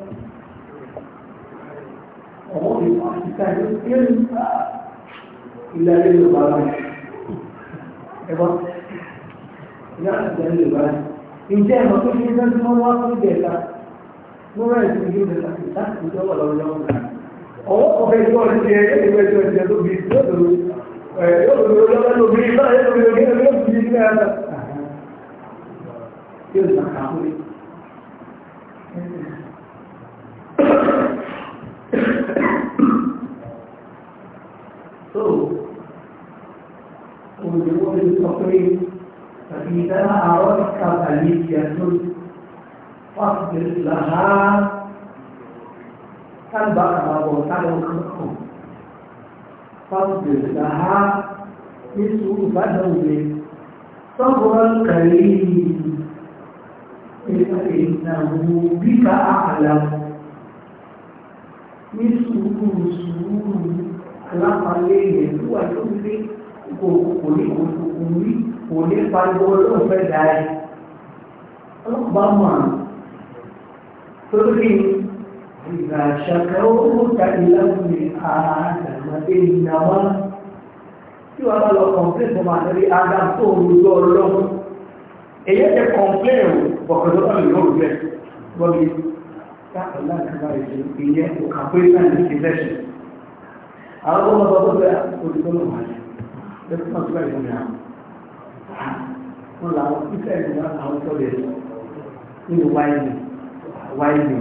ọwọ́ mi wọ́n ti ká ẹni tí ó ń bá ilé ayé ló bá wọn ẹ̀gbọ́n ìyá àti ẹni ló bá wọn. ǹjẹ́ ẹ̀mọ́ tó ṣe fẹ́ tí wọ́n wá fún ìjẹta ló rẹ̀ sí ilé ìjẹta láti ìjọ wà lọ́wọ́ lọ́wọ́ ọwọ́ ọ̀fẹ́ tí wọ́n ti ẹ̀ ẹ̀ ẹ̀ ẹ̀ ẹ̀ tó bí yóò lò ó so وجود الفقر فإذا أردت ألية فاصبر لها كالبقرة وكالكركم فاصبر لها نسوء فدوله صبرا كريما إنه بك أعلم ní sùúrù sùúrù alápàlẹ́ ilẹ̀ tó wà tó ń lé kò kò ní kò kò rí kò ní pariwo ọlọ́run fẹ́ da ẹ̀ ọlọ́pàá mọ̀ torí ìgbà àṣàkẹ́ owó tàbí lẹ́kùn ní àdàmọ́dé ìnáwó tí wọ́n bá lọ kọ̀m̀pléǹ tó máa lórí adam tó ń lójú ọlọ́run èyí ẹ̀ kọ̀m̀pléǹ bọ̀kọ̀lọ́pàá mi lóòrùn bẹ́ẹ̀ gbọ́dọ̀ sáàpù láti bá ìṣe ìyẹn òkàpé náà ní ti lẹ́sìn. àwọn ọmọ bàbá bẹ olùdókòwò wà ní lẹ́sìn náà tó bá ìṣe àwọn wọn làwọn pípẹ́ ìlú náà àwọn tó lè sọ nínú wáìnì wáìnì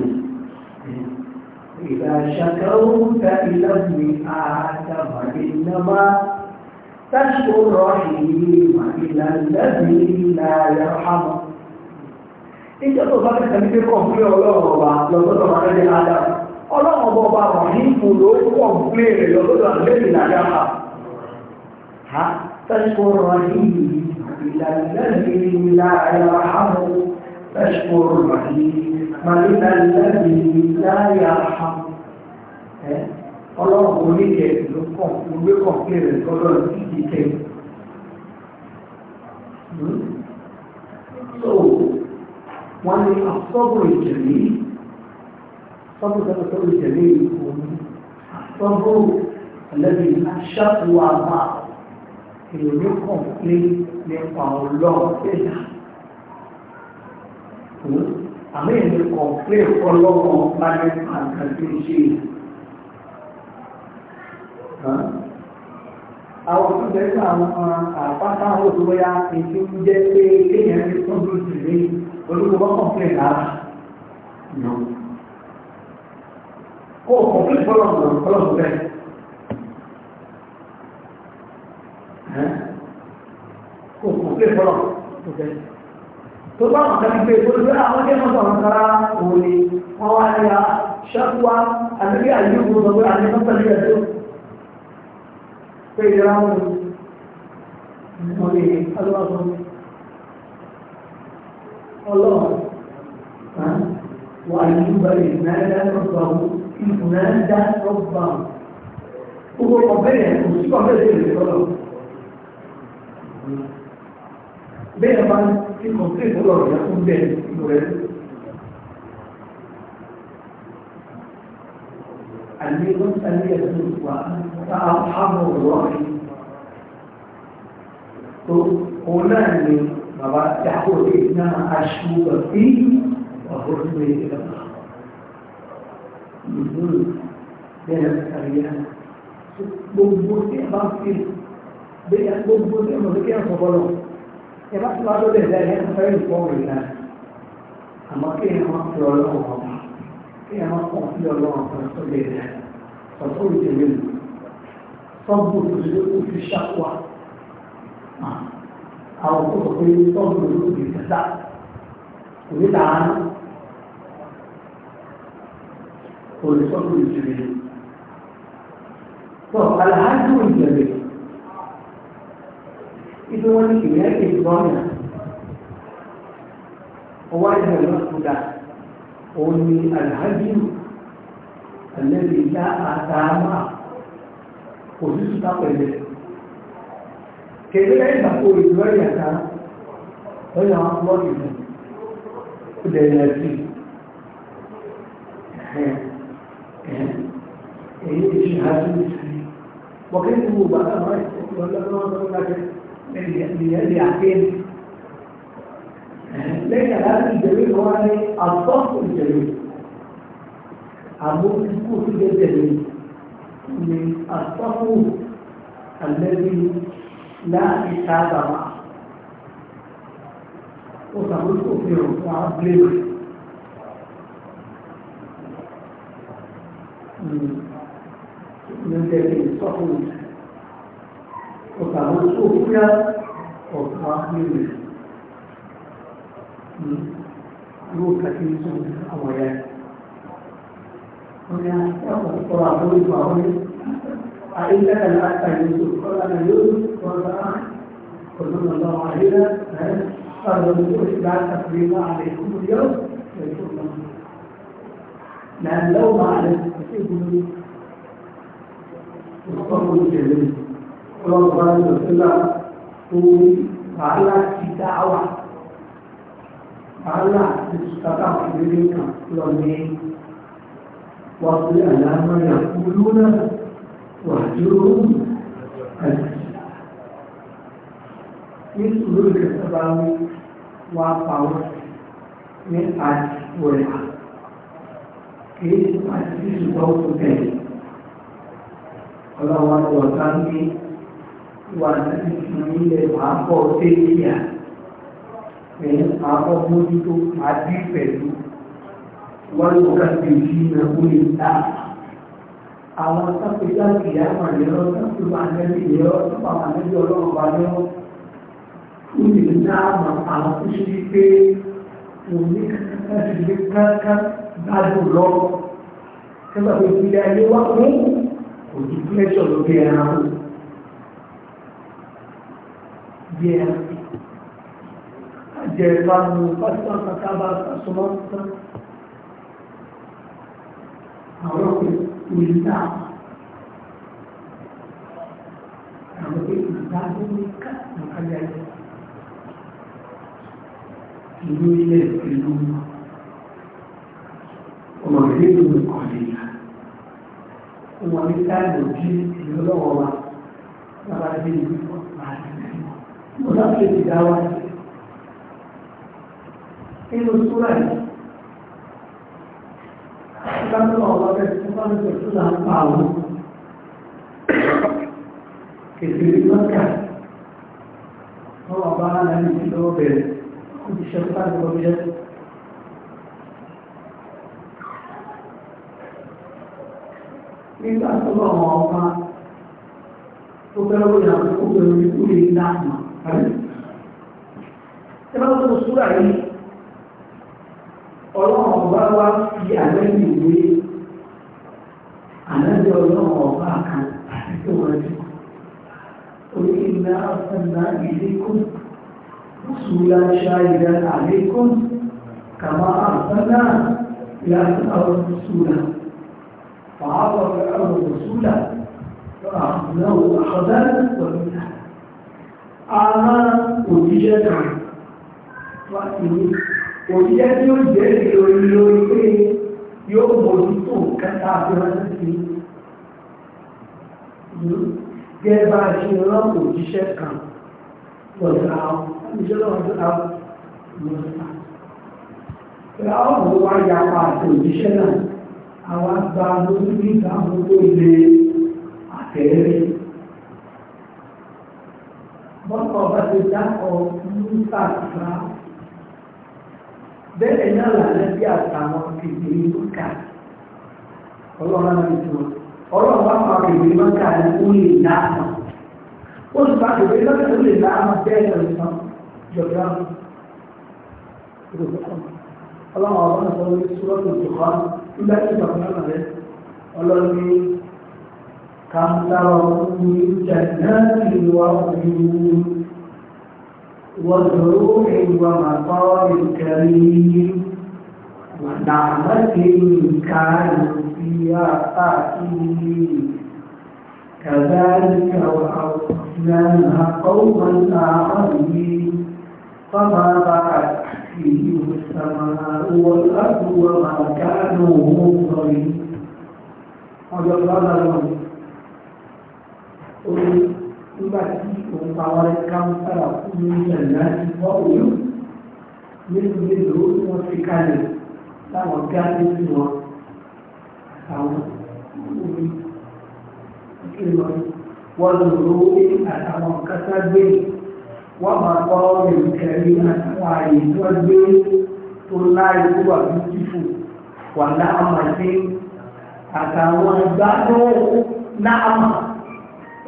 ìgbà ṣàkàwọ́ ta ìlànà àtàwọn ìnáwó تشكر رحيم إلى الذي لا يرحم ìjọ tó bá tẹ̀sẹ̀ níbi kọ̀m̀plé ọlọ́run ọba lọ́sọ́dọ̀ àlẹ́dẹ̀ adam ọlọ́run ọba ọba wà ní ìfòlò kọ̀m̀plé rẹ̀ lọ́sọ́dọ̀ àlẹ́dẹ̀ àdáfà ha tẹ́sùkọ̀ rọ̀hìn ìlànà ìlà àyàràhàmù tẹ́sùkọ̀ rọ̀hìn màlúkà ìlànà àyàràhàmù ọlọ́run oníkẹ̀ ló kọ̀m̀plé kọ̀m̀plé rẹ̀ lọ́sọ́dọ̀ àlẹ́dẹ̀ wọ́n ní asọ́bùrù ìjẹ̀lẹ̀ yìí sọ́bùrù tẹ́lẹ̀ sọ́bùrù ìjẹ̀lẹ̀ yìí kò ní asọ́bùrù ẹlẹ́bi aṣáàtúwà bá èèyàn ní kàn pé nípa ọlọ́run ẹ̀yà àmì ìlú kàn pé ọlọ́run bá nípa ṣe àwọn tó bẹ̀rẹ̀ àwọn àpáta àwọn òṣùwọ́yà èyí ń jẹ́ pé kéèyàn ní sọ́bùrù ìjẹ̀lẹ̀ yìí olùkọ́ kọ̀m̀pléèn lára nù. kó o kọ̀m̀pléèn bọ́lọ̀ nù bọ́lọ̀ nù bẹ́ẹ̀. kó o kọ̀m̀pléèn bọ́lọ̀ nù bẹ́ẹ̀. tó bá wọn kan gbé tó lórí àwọn jẹ́ mọ́tò àwọn kan òun ni wọ́n wá ní a ṣáàkúwa àbíbí àyíkú lọ́gbẹ́ àti mọ́tò ní ẹ̀dọ́ pé ìlera wọn ni wọ́n lè ọlọ́wọ́ ọlọ́run wà ní ìbẹ̀rẹ̀ ìnáyà lọ́gbà ìbùnáyà lọ́gbà gbogbo ọ̀bẹ yẹn kò sí ọ̀bẹ lè rè lọ́lọ́ bẹ́ẹ̀ bá ti kọ̀ sí ìbúlọ̀ rẹ̀ fún bẹ́ẹ̀ ìbò rẹ̀ ẹ̀sùn wà tá a rọ̀ rí òun náà بابا يحضر إبناء أشهر فيه وحرمه إلى الآخر نزول بين الأريان gbogbo tí ẹ bá fi bẹ́ẹ̀ gbogbo tí ẹ mọ̀ sí kí ẹ sọ̀bọ̀ lọ ẹ bá ti wá tó lè lẹ́yìn ẹ fẹ́ ìfọ́ rẹ̀ náà àmọ́ kí ẹ máa fi ọlọ́run ọ̀pá kí ẹ máa kàn sí ọlọ́run ọ̀pá tó lè lẹ́ sọ̀tọ́ ìjẹ́lẹ̀ sọ́gbọ̀n tó lè kó fi ṣàkóà. àwọn tó sọ pé tọ́jú ló ti sẹ́sà kò ní ta án kò ní tọ́jú ìṣẹ̀lẹ̀ tó aláàjù ìjẹ̀lẹ̀ ibi wọn ní kìnìún ẹ̀kẹ́ ìgbọ́nà ọwọ́ ìjẹ̀lẹ̀ náà tó dáa òun ni aláàjù الذي جاء تاما خصوصا قبله kèdè lẹ́yìn ìgbà tó ìlú lọ́yìn ẹ̀ka lọ́yìn àwọn akọ́lọ́dì rẹ̀ ó dẹ̀ yẹn sí èyí ti ṣe àti ìsìn bọ̀kẹ́ ní gbogbo àgbà máa ń ṣe lọ́lọ́lọ́lọ́ láti lè àkéèdè lẹ́yìn àdáyé ìjẹ̀wé kan wá ní àtọ́kù ìjẹ̀wé àbójúkú ìjẹ̀wé ní àtọ́kù àlẹ́bí لا حساب معه وتقول أفيروا وعبلوا من ذلك الصحوة وتقول أفيروا وعبلوا يوكا تنسون الأولاد هنا يوم القرآن يوم القرآن أئلة الأكثر يوسف قال أنا يوسف والآن وصلى الله علينا قال الوضوء بعد تقريبا عليكم اليوم لأن لو ما علمت تكون مخطر جميل الله سبحانه وتعالى تعالى كتاوة تعالى تستطيع إليك لونين واصل على ما يقولون واهجرهم أجل this rule is about one power in at where is my this is all today. Ọlọ́wọ́n wọ̀ sáńdé wà ní ilẹ̀ àpọ̀ tẹ́lẹ̀yà pẹ̀lú àpọ̀ mójútó àti pẹ̀lú wọ́n ló ká bèjì náà ó lè ta. Àwọn sáfẹ́jáde yàrá ìrọ́ sáfẹ́ máa ń lẹ́yìn ìrọ́ sáfẹ́ máa ń lẹ́yìn ọlọ́run bá lọ́wọ́. ó lè ní àwọn àwọn tó ṣe pé òní kankan ti lè kankan gbádùn lọ nígbà tó ti lé ayé wá pé kò ní pẹ́ṣọ̀ ló bí ẹran o bí ẹran àjẹrẹ bá mú pásítọ̀ kankan bá sọ́mọ́ tán àwọn òní náà àwọn èèyàn bá lórí ká nǹkan yẹn. ìlú ilẹ̀ ìlú ọmọ ìlú ìlú ọmọ ní táàbù ìlú lọ́wọ́ wa lára bí ìlú ọ̀pọ̀ láti ti dá inú súrà yìí lábẹ́ ọ̀rọ̀ rẹ̀ tó bá pa àwọn kèfèrè lọ́kà wọ́n wà bá láyé lọ́wọ́ bẹ̀rẹ̀ ìṣẹ̀lúkà ní kọmílẹ̀ nígbà tó bá wọn ọba tó fẹ́ wọ́n yà kó pẹ̀lú ikú lè ní àmà ẹ bá tó súrà yìí ọlọ́run ọba wá fi àlẹ́yìn ìwé àlẹ́yìn ọlọ́run ọba kan àti tó wọ́n jù ọ̀sán náà ìdíkùn رسولا شاهدا عليكم كما أرسلنا إلى الأرض رسولا فعبر الأرض رسولا فأخذناه أخذا ومنها أما òjíṣẹ́ kan láti ní òjíṣẹ́ tí ó jẹ́ ìròyìn lórí pé yóò mójú tó kẹta abẹ́rẹ́ sí gẹ́gẹ́ bá Ìràwọ̀ wá yapa àti òjíṣẹ́ náà, àwọn àgbà lórí nígbà gbogbo ilé àtẹ́rẹ́. Bọ́kọ̀ bá ti dákọ̀ ní sàtìfà, bẹ́ẹ̀ náà lálẹ́ bí àtàwọn kìdìrí lókà. Ọlọ́run á ti tún. Ọlọ́run ó sì máa dòwe lọ́dọ̀ tó lè láàmú bẹ́ẹ̀ lọ ìtàn jọ̀dá ọlọ́run ọ̀rọ̀ náà sọ wí sọ́dọ̀ tó kọ́ nígbà tí ìgbà kan náà rẹ̀ ọlọ́run ní kàńtàrọ̀ ní jẹ̀nẹ́ẹ̀tì wa òyìnbó وزروع ومطار كريم ونعمة كانوا فيها فاكهين كذلك وحرمناها قوما اخرين فما بعد فيهم السماء والارض وما كانوا مضرين قال الله يبكيكم فوالكم فرق من جنات فوق يوم يدرون وسكانه لا وكان يسوع ìlọ wọ́n lò ó àtàwọn kásá gbé wọ́n máa kọ́ ọ̀rẹ́ ìkẹrí àtàwọn ààyè tó gbé tó láì tó wà ní tìfù wà láàmà sí àtàwọn gbádùn láàmà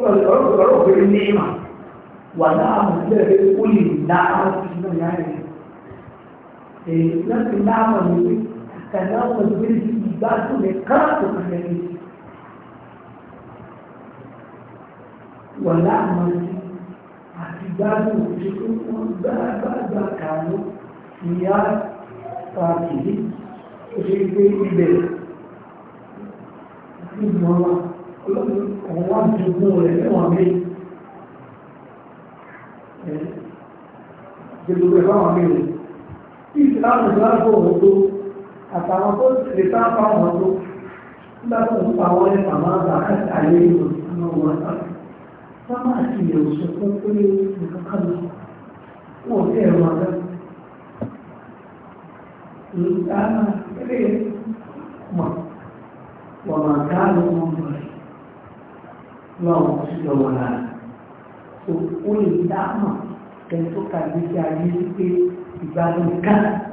ọ̀rọ̀ pé ní ìmà wà láàmà sílẹ̀ ó lè láàmà sí náà yára ẹ̀ láti láàmà ní pé àtàwọn gbé ìgbádùn ẹ̀ká tó kàn wàlá láàmọ́ àti gbádùn tí ó wọ́n kàánú ìyá pàtìlì ó ibẹ̀ ọlọ́run rẹ̀ lẹ́wọ̀n mi mi rẹ̀ tí ìsìláàmù tó àtàwọn tó lè tá a fáwọn tó nígbà tó ń pa wọlé n'ụwa. 他爸是有时候会有个看法，我在我的，你啊，这个我我们家的工作，让我是个我来，我我有大嘛，跟说感觉家里是被一家人干，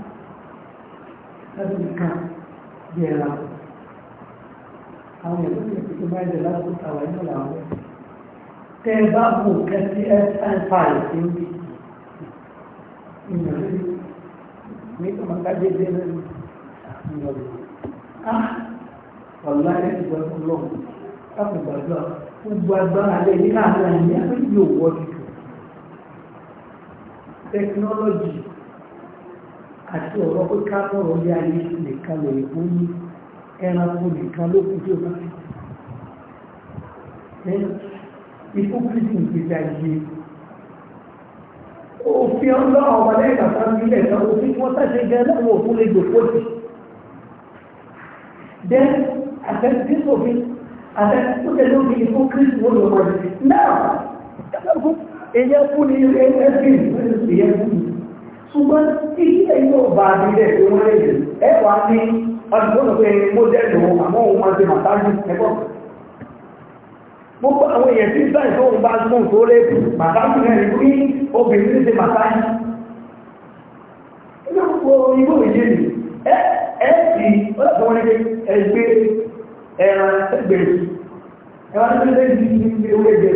那是干，也了，他们也不是不卖的，那是台湾的了。tẹ bá bù kẹsí ẹsẹ̀ǹfà ìsìn bí ìyọ̀lẹ́ ní ọmọdájẹ́dẹ́ lẹ́nu ìyọ̀lẹ́ á ah, ọ̀la ẹ̀sùn ọlọ́run káàkiri gbàdúrà gbogbo agbára lẹ ní láàárín àyè ẹgbẹ́ yóò wọ́ tutù tẹkinọ́lọ́jì àti ọ̀rọ̀ pé ká mọ̀rọ̀ ní ayé nìkan lè fún ní ẹranko nìkan ló kù tí ó bá fi o ìfúkìsì ìgbésí ayé òfin ọlọ́ ao lẹ́yìn àtàwọn ilé ẹ̀ka o tí wọ́n sáṣe jẹ́ láwọn òfin lè gbòkó sí dẹ́ àtẹ̀síṣòfin àtẹ̀síṣòfin ló fi ìfúkìsì o lọ wọ́n náà èyí fún é ẹgbẹ́ ìyẹn fún é ṣùgbọ́n tí ẹ̀yìn ọba àbílẹ̀ tó wọ́n lè ẹ̀wà o ọdún tó lọ pé mo dẹ́nu àwọn ohun àti màtájú ẹgbọ́n gbogbo àwọn èèyàn tí sáì tó ń bá gbọ́n tó rẹ̀ obìnrin ṣe màtàkì ẹgbẹ́ gbogbo igbó ìjìnlẹ̀ ẹ̀ẹ́sì ní ẹgbẹ́ ẹran tó lé ní ìjẹ́ lókè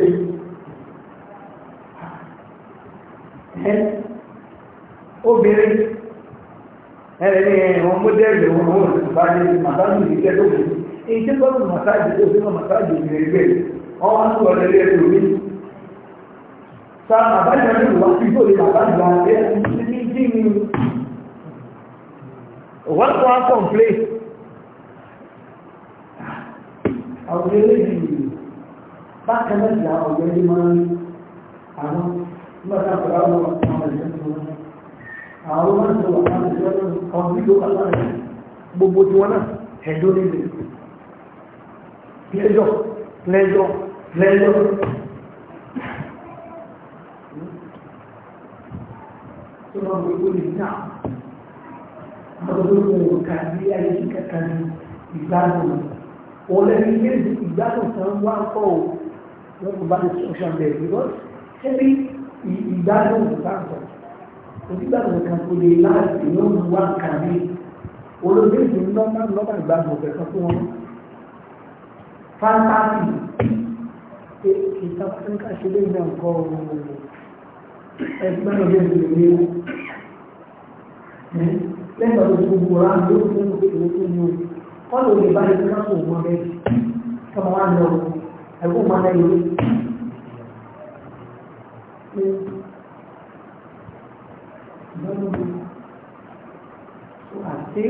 èyí tí tó fi mọ́ màtàkì ìjẹ́ ọwọ́ ń sọ lórí ẹ̀rọ mi sa àbájá ní ìwà tí kò lè bàbá gba ẹ̀ ní kí ni wọ́n tó wá kọ̀m̀plé àwọn eléyìí bákan náà ti àwọn ọ̀gbẹ́ni máa ń àwọn nígbàtà àgbàlá wọn àwọn ìjọba wọn àwọn máa ń sọ àwọn ìjọba wọn ọ̀gbìn ló bàbá rẹ̀ gbogbo tiwọn náà ẹ̀dọ́ nílé pleasure pleasure lẹ́yọ́ tó máa wọ ìwé ní náà ọdún ìwé ká ní ayé kíkàkà ní ìgbádùn ọ̀lẹ́ni méjì ìgbádùn kan wá ń kọ́ ò wọ́n kò bá lè sọ́ṣà bẹ̀rẹ̀ because ẹbí ìgbádùn ìgbàgbọ́ onígbàgbọ́ kan kò lè láti ìwé òun wá ń kà ní olóògbé ìlú nọ́mbà nọ́mbà ìgbàgbọ́ fún wọn fáńtásì pé ìta fúnká ṣe lè gbà kọ ẹgbẹ́ ọjọ́ ìlú ní lẹ́gbàá tó gbogbo rà ló ń mú ìlú tó ní orí kọ́lù lè bá ní ká kò mọ́ bẹ́ẹ̀ kọ́mọ wá lọ ẹ̀kọ́ máa lẹ́yìn orí àti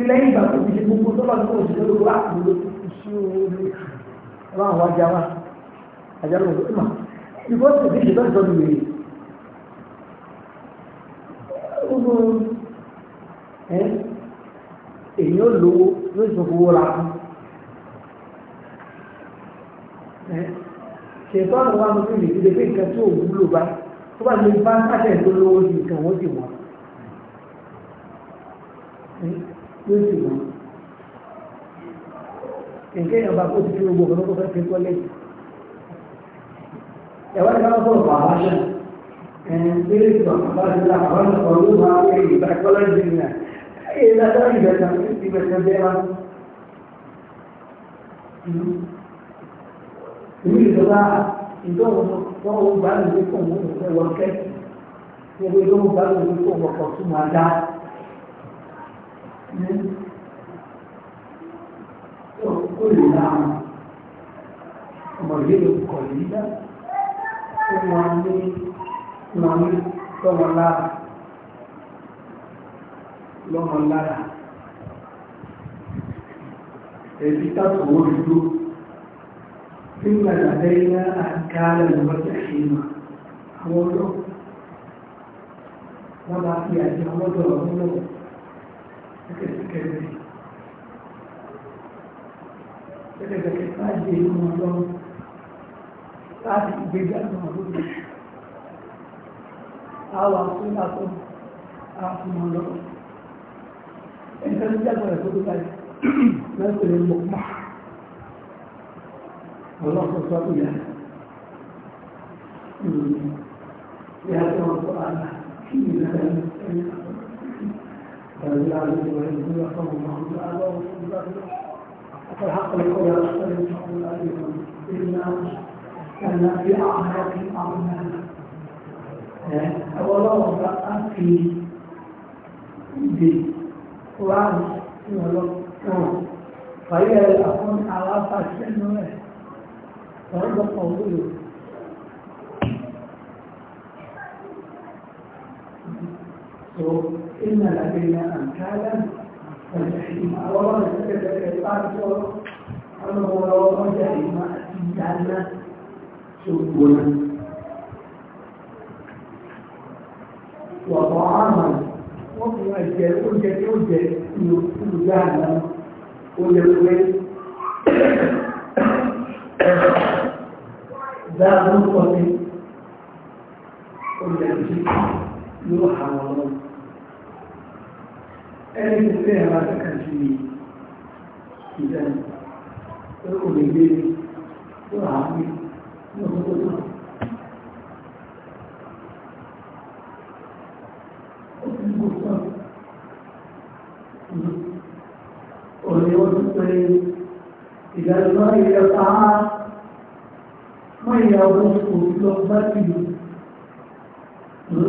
ilẹ̀ ìgbà tó ti ṣe gbogbo tó bá tó ṣe lórí wà lórí iṣẹ́ orí ọlọ́run wá jáwá àjálù ọ̀dọ́ ìmọ̀ ìbọn sì ní ìṣẹ́ tó ń wèrè gbogbo ẹ èyí ó lówó yóò sọ fowó ra fún ẹ ṣètò àwọn wa lókè lè fi lè nǹkan tí wúlò bá tó bá lè bá sáṣẹ tó lówó ju nǹkan wọn sì wọn yóò sì wọn kèké yẹn bá kó ti fi gbogbo ọ̀nà tó fẹ́ fi kọ́lé. ẹ̀wá ni wọ́n sọ̀rọ̀ bàbá náà ẹ̀ẹ́n tí ó sọ bàbá ti la bàbá náà kọ́ ló máa ń rí ìgbà kọ́lá ìdí nìyà èyí lásán ìgbẹ̀sán ìgbẹ̀sán bẹ́ẹ̀ wá. ìlú ìjọba ìjọba ìgbà ìgbẹ́kọ̀ọ́ ìgbẹ́kọ̀ọ́ ìgbẹ́kọ̀ọ́ lè láàrín ọmọ ìlú kọ̀ nígbà tí wọ́n ní wọ́n ní lọ́mọ lára lọ́mọ lára èyí tàbí owó ìlú tí ń gbàdà lẹ́yìn àkàlẹ̀ lọ́jọ́ ìṣẹ́mà àwọn ọjọ́ wọ́n bá fi àjẹ́ ọlọ́dọ̀ ọ̀rọ̀ lọ́wọ́ ẹ̀kẹ́sìkẹ́sì ẹ̀rẹ̀gẹ̀rẹ̀ sáàjì èyí wọn lọ́wọ́ láti ìgbéga náà lórí àwọn àtúnyàtọ̀ àfihàn lọ́wọ́ ẹ̀ńtẹ́ ló jẹ́ àgbàrẹ̀ tó tó báyìí lẹ́sẹ̀ lè mọ̀ mọ́ ọlọ́pọ̀ sọ pé yà ìyàtọ̀ ọ̀pọ̀ àlà kí ìrẹ̀lẹ̀ ẹ̀yìn àtọ̀ ìgbàlẹ́ àlejò ẹ̀yìn tó yà fọ́ فالحق يقول أحسن صلى الله عليه وسلم إلا كان في أعماق أعمال إيه؟ أولا وضع في بالقرآن والقرآن فهي الأخون على فاسنه وهذا قوله إن لدينا أمثالا والله سكت بعد شهر أنه لو رجع ما جعلنا سبلا وطعاما وفي أشياء وجد وجد يقول جهنم ويقول ذا غرفة ويقول يرحم الله ẹni tó fẹ́ ẹ̀rọ akẹ́kọ̀ọ́ sí tó kò lè gbé tó àárín ní ọgbọ́gbọ́ náà ó ti mú sọ òní ó ti pé ìdájọ́ ilẹ̀ pàá mọ́ ìyàwó òṣìṣẹ́ bá ti lò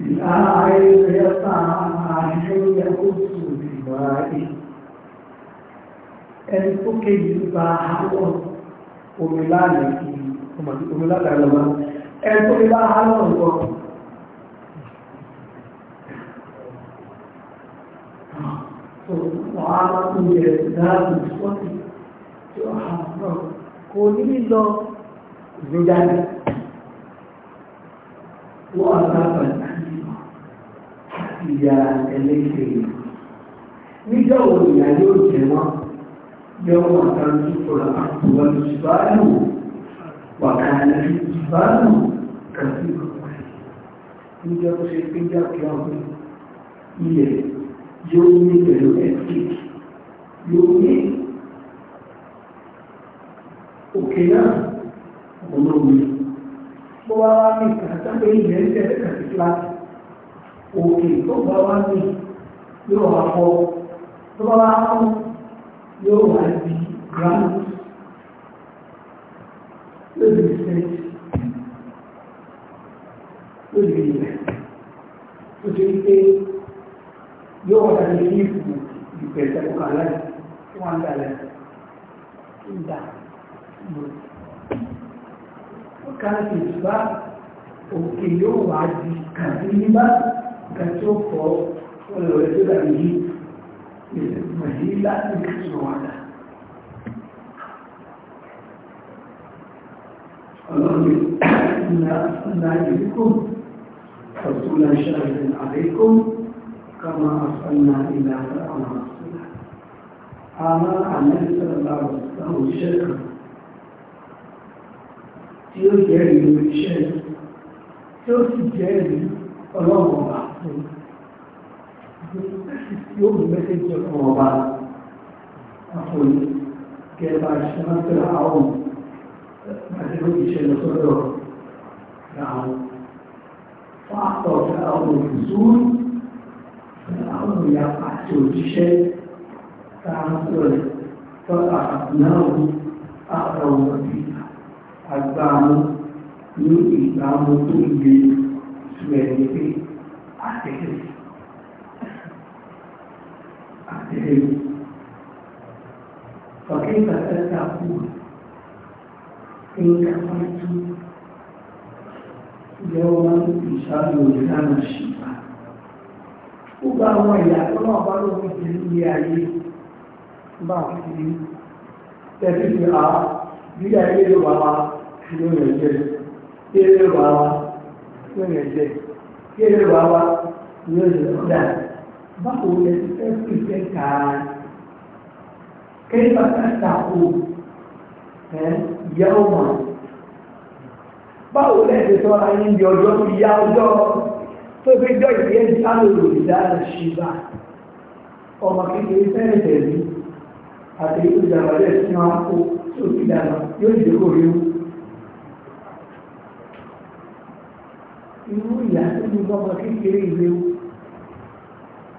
الآية يطعم عشو يقص بالبائي ẹnìkókè yìí bá àwọn omílànà omílànà lọ́wọ́ ẹnìkókè bá àwọn ọ̀rọ̀ tó wà ápùn yẹ dáàbò sọ́tì tí ó hàn náà kò ní lílọ ìgbéjáde wọ́n àtàkàtà ìyá ẹlẹ́sẹ̀ yìí nígbà wo ìyá yóò jẹ wọn yóò wọn kan tó kọlọ àtúwọ́ ìṣùbáàlù wàkàlà ìṣùbáàlù kàtí níjọ́ tó ṣe pé jákè ọ̀gbìn ilẹ̀ yóò ní pẹ̀lú ẹ̀kíkì yóò ní òkè náà olómi. Mo wá wá ní ìkàtà pé ilẹ̀ ń tẹ̀lé kàtí kíláàsì òkè tó bá wá ní yóò wá fọ́ tó bá wá fún yóò wá di ground lórí ìsẹ́ẹ̀tì lórí ilẹ̀ tó ṣe pé yóò wá ní ìfún ìpẹ̀sẹ̀ kọkà láì wọ́n dà ìdá ìgbòrò ó kàá sì bá òkè yóò wá di kàdé nígbà nǹkan tí ó kọ́ ọ̀rọ̀ rẹ̀ tó dàbí yìí mọ̀lílá nǹkan tó wà dà ọlọ́run ìlà ọ̀nà ìdíkò ọ̀tún láṣà ìrìn àríkò kama ọ̀nà ìlà àwọn àṣìlá àwọn àmẹ́sọ̀lá ọ̀sán òṣìṣẹ́ kan tí ó jẹ́ ìlú iṣẹ́ tí ó sì jẹ́ ìlú ọlọ́run ọba yóò mú mẹ́sẹ̀jì fún ọba àfòyí kẹta ìṣẹ́mọ́tẹ́lá àwọn àti lókè ìṣẹ̀lẹ̀ sọ́dọ̀ àwọn fáàtọ̀ àwọn òfìsúrú àwọn ìyá àti òjíṣẹ́ tààmùsọ̀rẹ̀ tọ́ta náà àtàwọn òbí àgbàmú ní ìgbàmú tó ń gbé ṣùgbẹ̀rẹ̀ pé àtẹ̀kẹ̀sì الكريم فكيف تتعبون إن كفرتم يوما يشهد لسان الشفاء gbogbo àwọn ìyá tó náà bá lóun ti ní ilé ayé bá fi tẹ́tí fi ha bí ayé ló bá wa kí ló yẹ jẹ ayé ló bá wa kí ló yẹ jẹ ayé ló bá wa kí ló yẹ jẹ kí báwo lẹ ti fẹ́ fi fẹ́ kà á kẹ́lẹ́bà ká tako ìyáwó mọ̀ báwo lẹ ti sọ́ra yín di ọjọ́ ìyá ọjọ́ tó fi jọ ìyẹn ti sáré olùdá ṣìbà ọmọ kékeré fẹ́rẹ̀ tẹ̀lé àti ìjọba sí wọn kó tó fi dànù yóò jẹ́ kó rí irú ìyá tó ní ọmọ kékeré ìléwu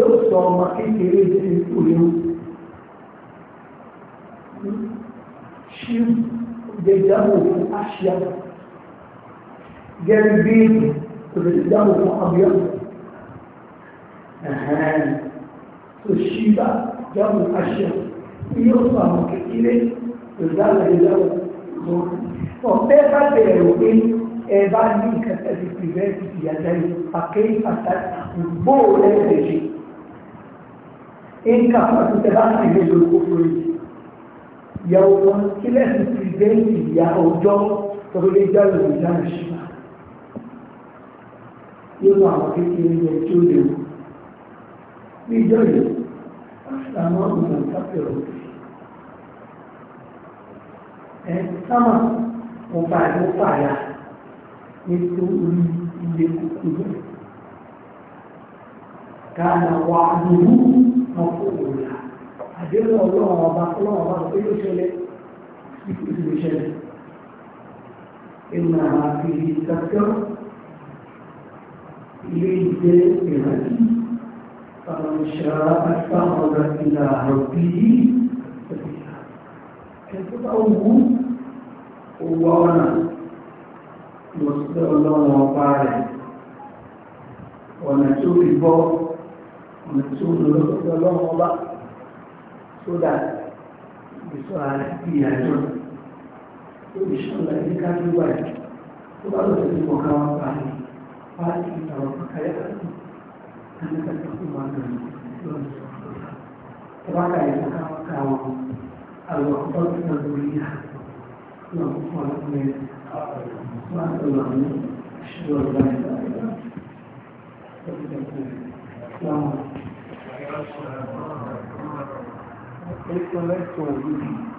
Eu sou ọmọ kékeré tí ń kú de ṣí gẹ̀ẹ́dáwò fún àṣíà gẹ́gẹ́ bí gẹ̀ẹ́dáwò fún àbíyá ẹ̀hẹ́n tó ṣí bá dáwò àṣíà yóò sọ ọmọ kékeré gẹ̀ẹ́dáwò fún ọ̀pẹ́ bá bẹ̀rẹ̀ òpin ẹ̀bá ní ìkẹtẹ̀ ti pìrẹ́ ti ìyàjá quem àkéyí um bom ẹ̀ṣẹ̀ in kafin da za su yi lókòkòrò ìyàwó wọn kí lẹ́sìn pìrìdẹ́ǹtì ìyá ọjọ́ torí jáde ìjà ìṣúná nínú àwọn kékeré yẹn tí ó léwu ní ìjọ yìí àwọn ọmọ ìtàkùrọ̀ ẹ sábà mo fà mo fà yà nítorí ilé kúkúrú káàdà wà lóhùn. مقبول àdéhùn ọlọ́run ọba ọlọ́run ọba tó yóò ṣẹlẹ̀ ìṣẹ̀lẹ̀ ṣẹlẹ̀ ìmọ̀ àti ìtàkọ́ ilé ìgbé ìrántí ọ̀ṣà àtà ọ̀rọ̀ ìlà àròbí ẹ̀tọ́ bá wù owó ọ̀nà lọ sí ọlọ́run ọba rẹ̀ ọ̀nà tó fi bọ́ tí ó lọ lọ́dọ̀ lọ́wọ́ ọba sódà ìsọ àti ìyàjọ́ tó lè ṣọ́nà ní kájúwà yìí tó bá lọ́dọ̀ sí ọ̀gá wọn pa ní pàtí àwọn kàkàyà àti àmẹ́kàtà tó Thank you. It's the next one.